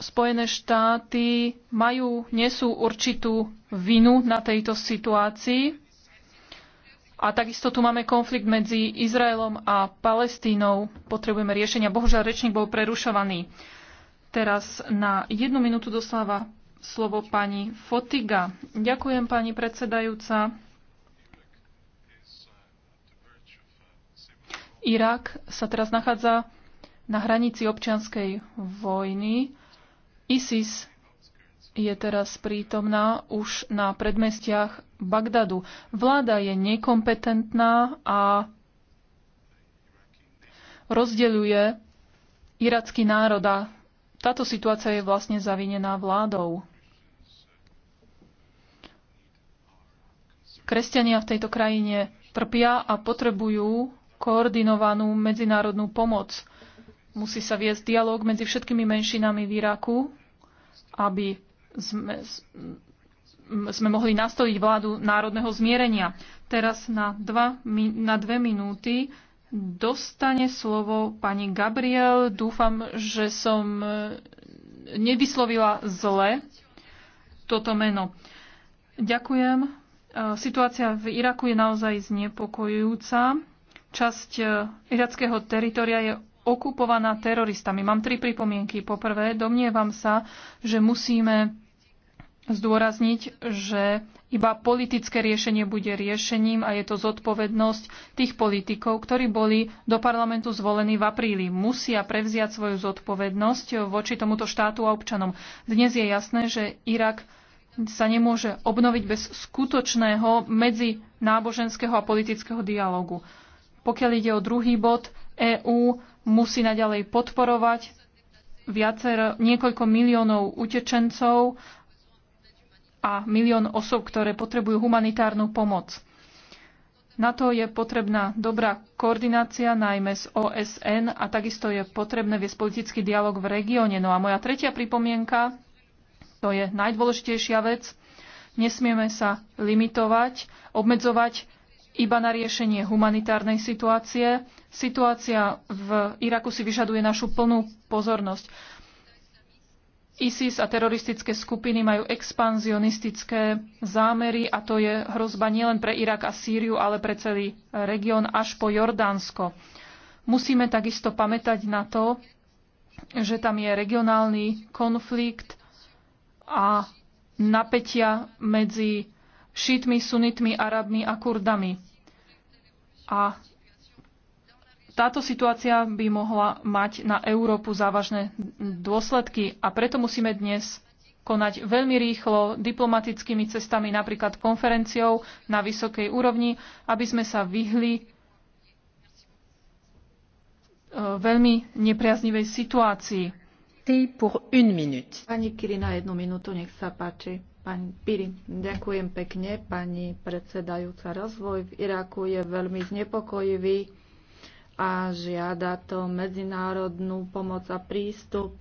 Spojené štáty majú, nesú určitú vinu na tejto situácii. A takisto tu máme konflikt medzi Izraelom a Palestínou. Potrebujeme riešenia. Bohužiaľ, rečník bol prerušovaný. Teraz na jednu minútu dostáva slovo pani Fotiga. Ďakujem, pani predsedajúca. Irak sa teraz nachádza na hranici občianskej vojny. ISIS je teraz prítomná už na predmestiach Bagdadu. Vláda je nekompetentná a rozdeľuje iracký národ a táto situácia je vlastne zavinená vládou. Kresťania v tejto krajine trpia a potrebujú koordinovanú medzinárodnú pomoc. Musí sa viesť dialog medzi všetkými menšinami v Iraku, aby sme, sme mohli nastoliť vládu národného zmierenia. Teraz na, dva, na dve minúty dostane slovo pani Gabriel. Dúfam, že som e, nevyslovila zle toto meno. Ďakujem. E, situácia v Iraku je naozaj znepokojujúca. Časť e, irackého teritoria je okupovaná teroristami. Mám tri pripomienky. Poprvé, domnievam sa, že musíme zdôrazniť, že iba politické riešenie bude riešením a je to zodpovednosť tých politikov, ktorí boli do parlamentu zvolení v apríli. Musia prevziať svoju zodpovednosť voči tomuto štátu a občanom. Dnes je jasné, že Irak sa nemôže obnoviť bez skutočného medzináboženského a politického dialogu. Pokiaľ ide o druhý bod, EÚ musí naďalej podporovať viacero, niekoľko miliónov utečencov a milión osob, ktoré potrebujú humanitárnu pomoc. Na to je potrebná dobrá koordinácia, najmä z OSN, a takisto je potrebné viesť politický dialog v regióne. No a moja tretia pripomienka, to je najdôležitejšia vec, nesmieme sa limitovať, obmedzovať iba na riešenie humanitárnej situácie. Situácia v Iraku si vyžaduje našu plnú pozornosť. ISIS a teroristické skupiny majú expanzionistické zámery a to je hrozba nielen pre Irak a Sýriu, ale pre celý región až po Jordánsko. Musíme takisto pamätať na to, že tam je regionálny konflikt a napätia medzi šítmi, sunitmi, arabmi a kurdami. A táto situácia by mohla mať na Európu závažné dôsledky a preto musíme dnes konať veľmi rýchlo diplomatickými cestami, napríklad konferenciou na vysokej úrovni, aby sme sa vyhli e, veľmi nepriaznivej situácii. Pani Kirina, jednu minútu, nech sa páči. Pani Piri, ďakujem pekne, pani predsedajúca. Rozvoj v Iraku je veľmi znepokojivý a žiada to medzinárodnú pomoc a prístup.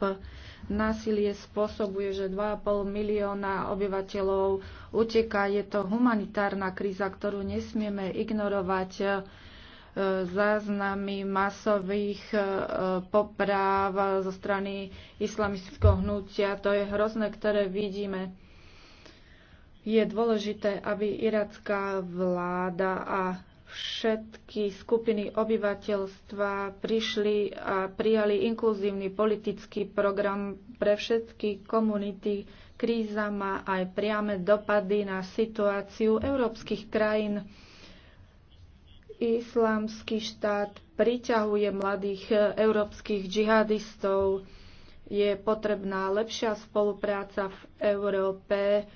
Násilie spôsobuje, že 2,5 milióna obyvateľov uteká. Je to humanitárna kríza, ktorú nesmieme ignorovať e, záznamy masových e, popráv zo strany islamistického hnutia. To je hrozné, ktoré vidíme je dôležité, aby iracká vláda a všetky skupiny obyvateľstva prišli a prijali inkluzívny politický program pre všetky komunity. Kríza má aj priame dopady na situáciu európskych krajín. Islamský štát priťahuje mladých európskych džihadistov. Je potrebná lepšia spolupráca v Európe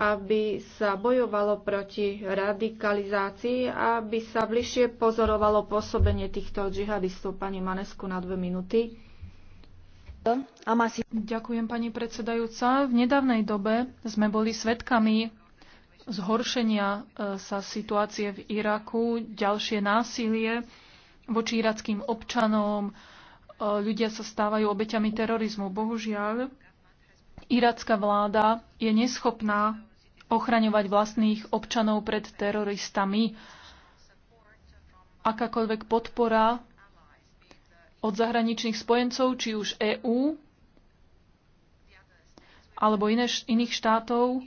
aby sa bojovalo proti radikalizácii a aby sa bližšie pozorovalo pôsobenie týchto džihadistov. Pani Manesku na dve minúty. Ďakujem, pani predsedajúca. V nedávnej dobe sme boli svedkami zhoršenia e, sa situácie v Iraku, ďalšie násilie voči irackým občanom, e, ľudia sa stávajú obeťami terorizmu. Bohužiaľ, iracká vláda je neschopná ochraňovať vlastných občanov pred teroristami. Akákoľvek podpora od zahraničných spojencov, či už EÚ alebo iné, iných štátov,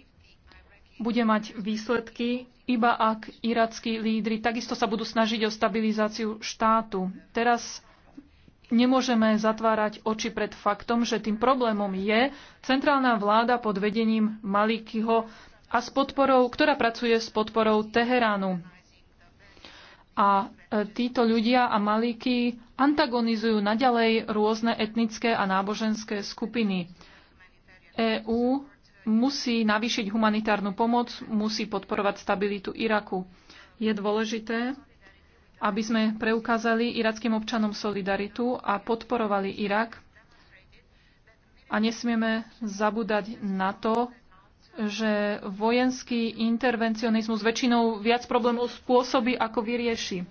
bude mať výsledky, iba ak irackí lídry takisto sa budú snažiť o stabilizáciu štátu. Teraz nemôžeme zatvárať oči pred faktom, že tým problémom je centrálna vláda pod vedením Malikyho, a s podporou, ktorá pracuje s podporou Teheránu. A e, títo ľudia a malíky antagonizujú naďalej rôzne etnické a náboženské skupiny. EÚ musí navýšiť humanitárnu pomoc, musí podporovať stabilitu Iraku. Je dôležité, aby sme preukázali irackým občanom solidaritu a podporovali Irak. A nesmieme zabúdať na to, že vojenský intervencionizmus väčšinou viac problémov spôsobí, ako vyrieši.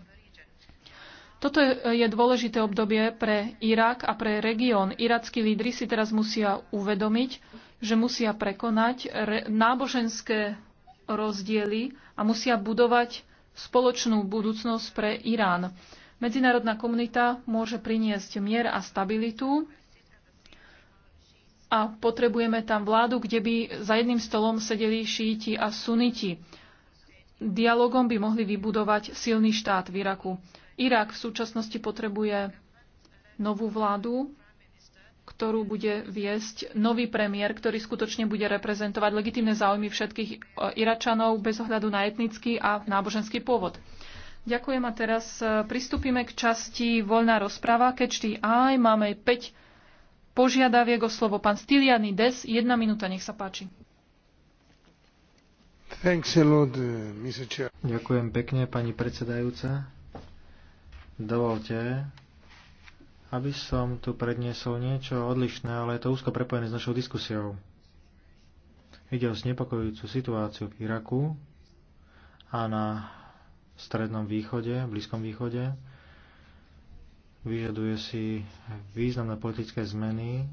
Toto je dôležité obdobie pre Irak a pre región. Irackí lídry si teraz musia uvedomiť, že musia prekonať náboženské rozdiely a musia budovať spoločnú budúcnosť pre Irán. Medzinárodná komunita môže priniesť mier a stabilitu a potrebujeme tam vládu, kde by za jedným stolom sedeli šíti a suniti. Dialogom by mohli vybudovať silný štát v Iraku. Irak v súčasnosti potrebuje novú vládu, ktorú bude viesť nový premiér, ktorý skutočne bude reprezentovať legitimné záujmy všetkých e, Iračanov bez ohľadu na etnický a náboženský pôvod. Ďakujem a teraz e, pristúpime k časti voľná rozpráva. Kečty aj máme 5 požiadaviek o slovo. Pán des, jedna minúta, nech sa páči. Uh, Ďakujem pekne, pani predsedajúca. Dovolte, aby som tu predniesol niečo odlišné, ale je to úzko prepojené s našou diskusiou. Ide o znepokojujúcu situáciu v Iraku a na Strednom východe, Blízkom východe, vyžaduje si významné politické zmeny.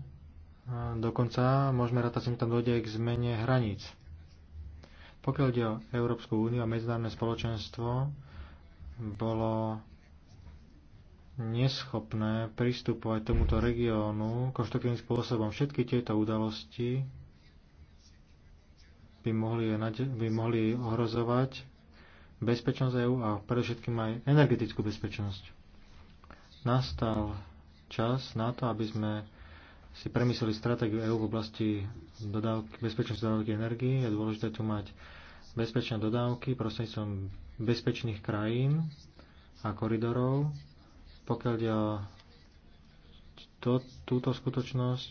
Dokonca môžeme rátať, že tam dojde k zmene hraníc. Pokiaľ ide o Európsku úniu a medzinárodné spoločenstvo, bolo neschopné pristupovať tomuto regiónu konštruktívnym spôsobom. Všetky tieto udalosti by mohli, by mohli ohrozovať bezpečnosť EÚ a predovšetkým aj energetickú bezpečnosť nastal čas na to, aby sme si premysleli stratégiu EÚ v oblasti dodávky, bezpečnosti dodávky energii. Je dôležité tu mať bezpečné dodávky prostredníctvom bezpečných krajín a koridorov. Pokiaľ ide o to, túto skutočnosť,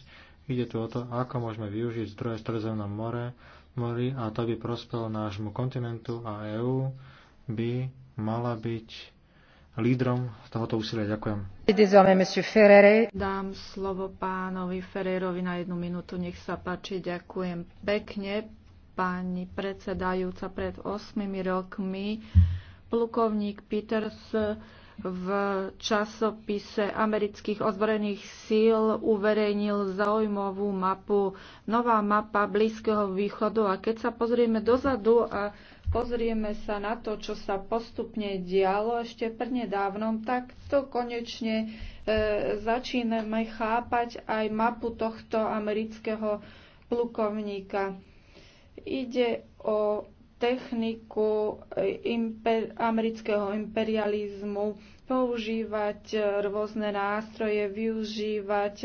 ide tu o to, ako môžeme využiť zdroje Stredozemnom more, mori a to by prospelo nášmu kontinentu a EÚ by mala byť lídrom tohoto úsilia. Ďakujem. Dám slovo pánovi Ferrerovi na jednu minútu. Nech sa páči. Ďakujem pekne. Pani predsedajúca, pred 8 rokmi plukovník Peters v časopise amerických ozbrojených síl uverejnil zaujímavú mapu, nová mapa Blízkeho východu. A keď sa pozrieme dozadu a pozrieme sa na to, čo sa postupne dialo ešte prednedávnom, tak to konečne e, začíname chápať aj mapu tohto amerického plukovníka. Ide o techniku e, imper, amerického imperializmu, používať e, rôzne nástroje, využívať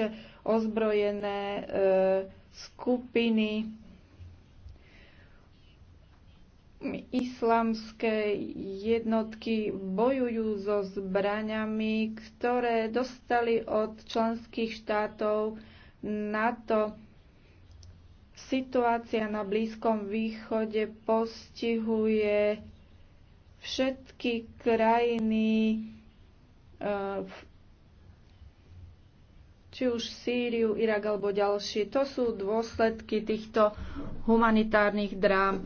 ozbrojené e, skupiny islamské jednotky bojujú so zbraňami, ktoré dostali od členských štátov NATO. Situácia na Blízkom východe postihuje všetky krajiny, eh, či už Sýriu, Irak alebo ďalšie. To sú dôsledky týchto humanitárnych drám.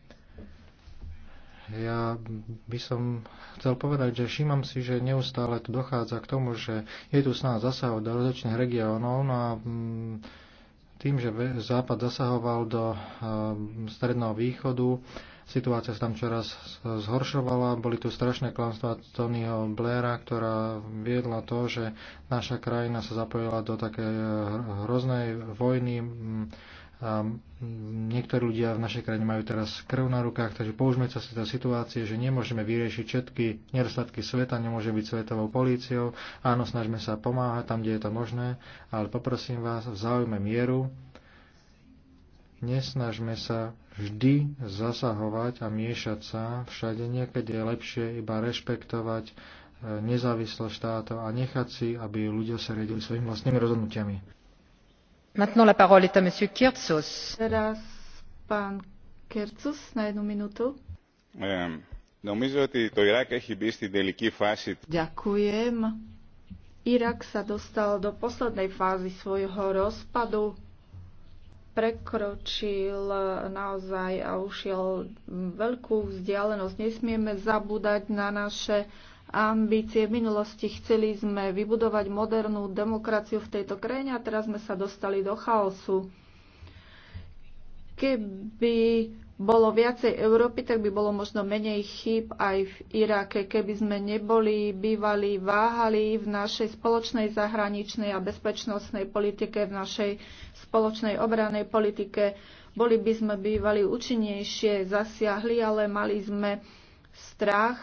Ja by som chcel povedať, že všímam si, že neustále tu dochádza k tomu, že je tu snaha zasahovať do rozličných regiónov no a mm, tým, že Západ zasahoval do mm, Stredného východu, situácia sa tam čoraz zhoršovala, boli tu strašné klamstvá Tonyho Blaira, ktorá viedla to, že naša krajina sa zapojila do také e, hroznej vojny mm, a niektorí ľudia v našej krajine majú teraz krv na rukách, takže použme sa si tá situácie, že nemôžeme vyriešiť všetky nedostatky sveta, nemôže byť svetovou políciou. Áno, snažme sa pomáhať tam, kde je to možné, ale poprosím vás, v záujme mieru, nesnažme sa vždy zasahovať a miešať sa všade. Niekedy je lepšie iba rešpektovať e, nezávislosť štátov a nechať si, aby ľudia sa riedili svojimi vlastnými rozhodnutiami. Teraz pán Kercus na jednu minútu. Ďakujem. Irak sa dostal do poslednej fázy svojho rozpadu prekročil e, naozaj a ušiel veľkú vzdialenosť. Nesmieme zabúdať na naše ambície. V minulosti chceli sme vybudovať modernú demokraciu v tejto krajine a teraz sme sa dostali do chaosu. Keby bolo viacej Európy, tak by bolo možno menej chýb aj v Irake, keby sme neboli, bývali, váhali v našej spoločnej zahraničnej a bezpečnostnej politike, v našej spoločnej obranej politike. Boli by sme bývali účinnejšie, zasiahli, ale mali sme strach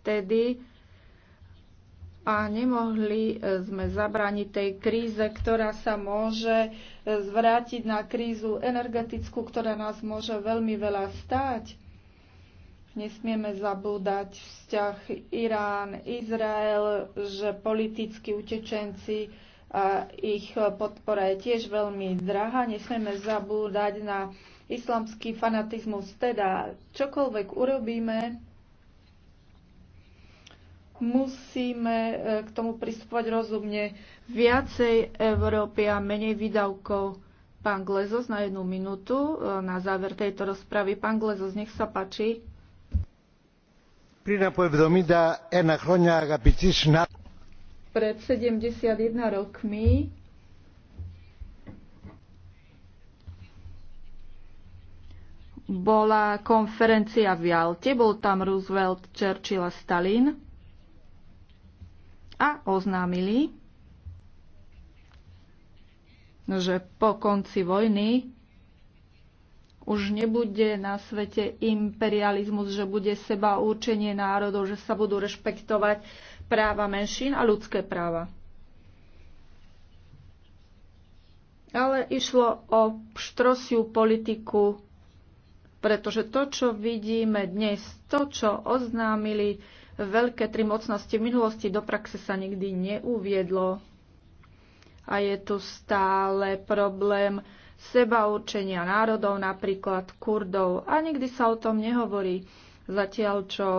vtedy a nemohli e, sme zabrániť tej kríze, ktorá sa môže e, zvrátiť na krízu energetickú, ktorá nás môže veľmi veľa stáť. Nesmieme zabúdať vzťah Irán-Izrael, že politickí utečenci a ich podpora je tiež veľmi drahá. Nesmieme zabúdať na islamský fanatizmus. Teda čokoľvek urobíme, musíme e, k tomu pristupovať rozumne. Viacej Európy a menej výdavkov. Pán Glezos na jednu minútu e, na záver tejto rozpravy. Pán Glezos, nech sa páči. Pred 71 rokmi bola konferencia v Jalte, bol tam Roosevelt, Churchill a Stalin a oznámili, že po konci vojny už nebude na svete imperializmus, že bude seba určenie národov, že sa budú rešpektovať práva menšín a ľudské práva. Ale išlo o štrosiu politiku, pretože to, čo vidíme dnes, to, čo oznámili veľké tri mocnosti v minulosti do praxe sa nikdy neuviedlo. A je tu stále problém seba určenia národov, napríklad Kurdov. A nikdy sa o tom nehovorí. Zatiaľ, čo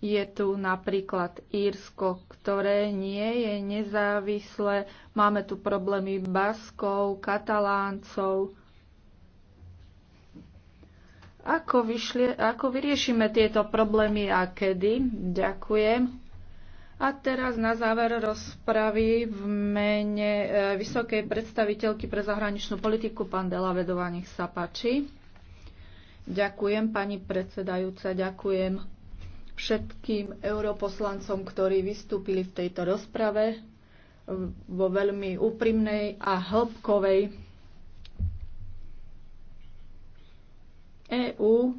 je tu napríklad Írsko, ktoré nie je nezávislé. Máme tu problémy Baskov, Kataláncov, ako, vyšlie, ako vyriešime tieto problémy a kedy? Ďakujem. A teraz na záver rozpravy v mene e, vysokej predstaviteľky pre zahraničnú politiku, pán Delavedová, nech sa páči. Ďakujem, pani predsedajúca, ďakujem všetkým europoslancom, ktorí vystúpili v tejto rozprave vo veľmi úprimnej a hĺbkovej EU e,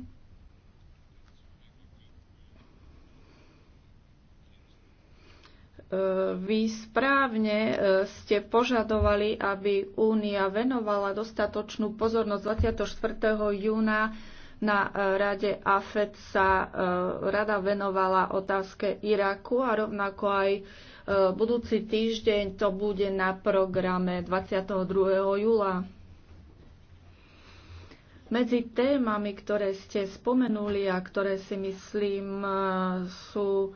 vy správne e, ste požadovali, aby Únia venovala dostatočnú pozornosť 24. júna na e, rade AFED sa rada venovala otázke Iraku a rovnako aj budúci týždeň to bude na programe 22. júla. Medzi témami, ktoré ste spomenuli a ktoré si myslím e, sú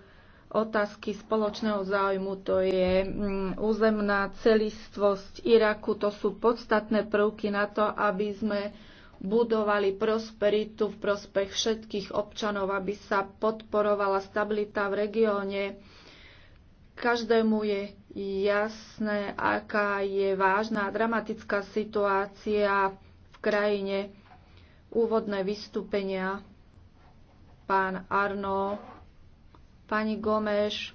otázky spoločného záujmu, to je mm, územná celistvosť Iraku, to sú podstatné prvky na to, aby sme budovali prosperitu v prospech všetkých občanov, aby sa podporovala stabilita v regióne. Každému je jasné, aká je vážna a dramatická situácia v krajine úvodné vystúpenia pán Arno, pani Gomeš,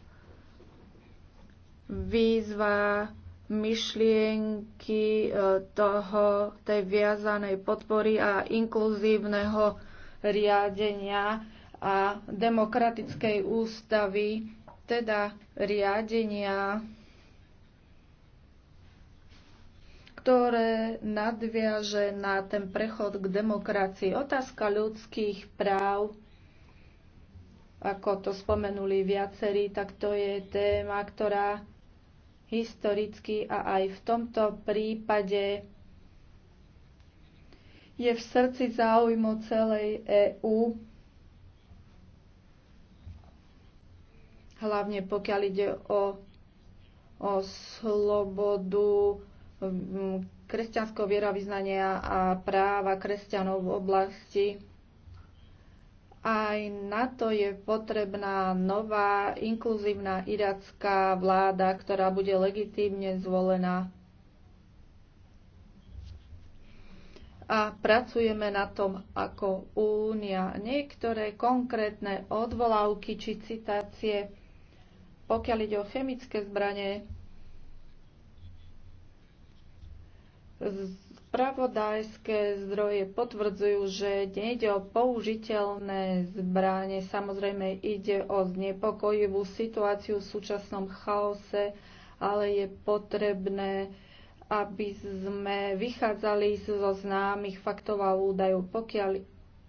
výzva myšlienky e, toho, tej viazanej podpory a inkluzívneho riadenia a demokratickej ústavy, teda riadenia ktoré nadviaže na ten prechod k demokracii. Otázka ľudských práv, ako to spomenuli viacerí, tak to je téma, ktorá historicky a aj v tomto prípade je v srdci záujmu celej EÚ, hlavne pokiaľ ide o, o slobodu kresťanského vieravýznania a práva kresťanov v oblasti. Aj na to je potrebná nová inkluzívna iracká vláda, ktorá bude legitímne zvolená. a pracujeme na tom ako únia. Niektoré konkrétne odvolávky či citácie, pokiaľ ide o chemické zbranie, Spravodajské zdroje potvrdzujú, že nejde o použiteľné zbranie, samozrejme ide o znepokojivú situáciu v súčasnom chaose, ale je potrebné, aby sme vychádzali zo známych faktov a údajov. Pokiaľ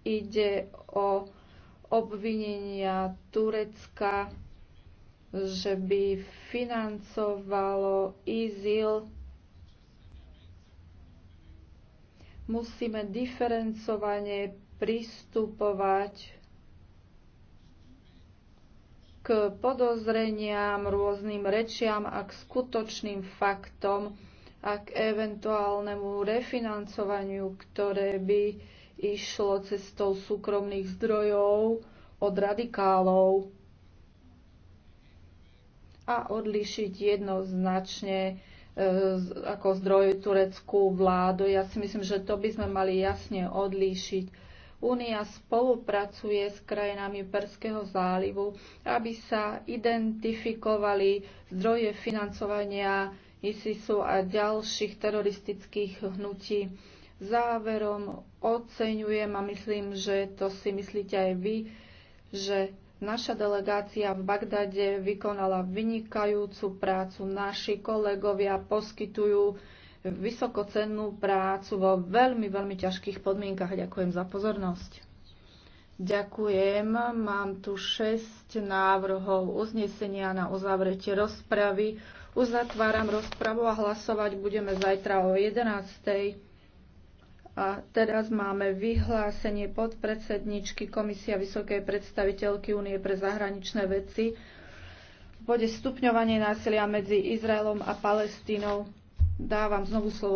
ide o obvinenia Turecka, že by financovalo IZIL, Musíme diferencovane pristupovať k podozreniam, rôznym rečiam a k skutočným faktom a k eventuálnemu refinancovaniu, ktoré by išlo cestou súkromných zdrojov od radikálov a odlišiť jednoznačne ako zdroj tureckú vládu. Ja si myslím, že to by sme mali jasne odlíšiť. Únia spolupracuje s krajinami Perského zálivu, aby sa identifikovali zdroje financovania ISISu a ďalších teroristických hnutí. Záverom oceňujem a myslím, že to si myslíte aj vy, že Naša delegácia v Bagdade vykonala vynikajúcu prácu. Naši kolegovia poskytujú vysokocennú prácu vo veľmi, veľmi ťažkých podmienkach. Ďakujem za pozornosť. Ďakujem. Mám tu 6 návrhov uznesenia na uzavretie rozpravy. Uzatváram rozpravu a hlasovať budeme zajtra o 11. A teraz máme vyhlásenie podpredsedničky Komisia Vysokej predstaviteľky Únie pre zahraničné veci v bode stupňovanie násilia medzi Izraelom a Palestínou. Dávam znovu slovo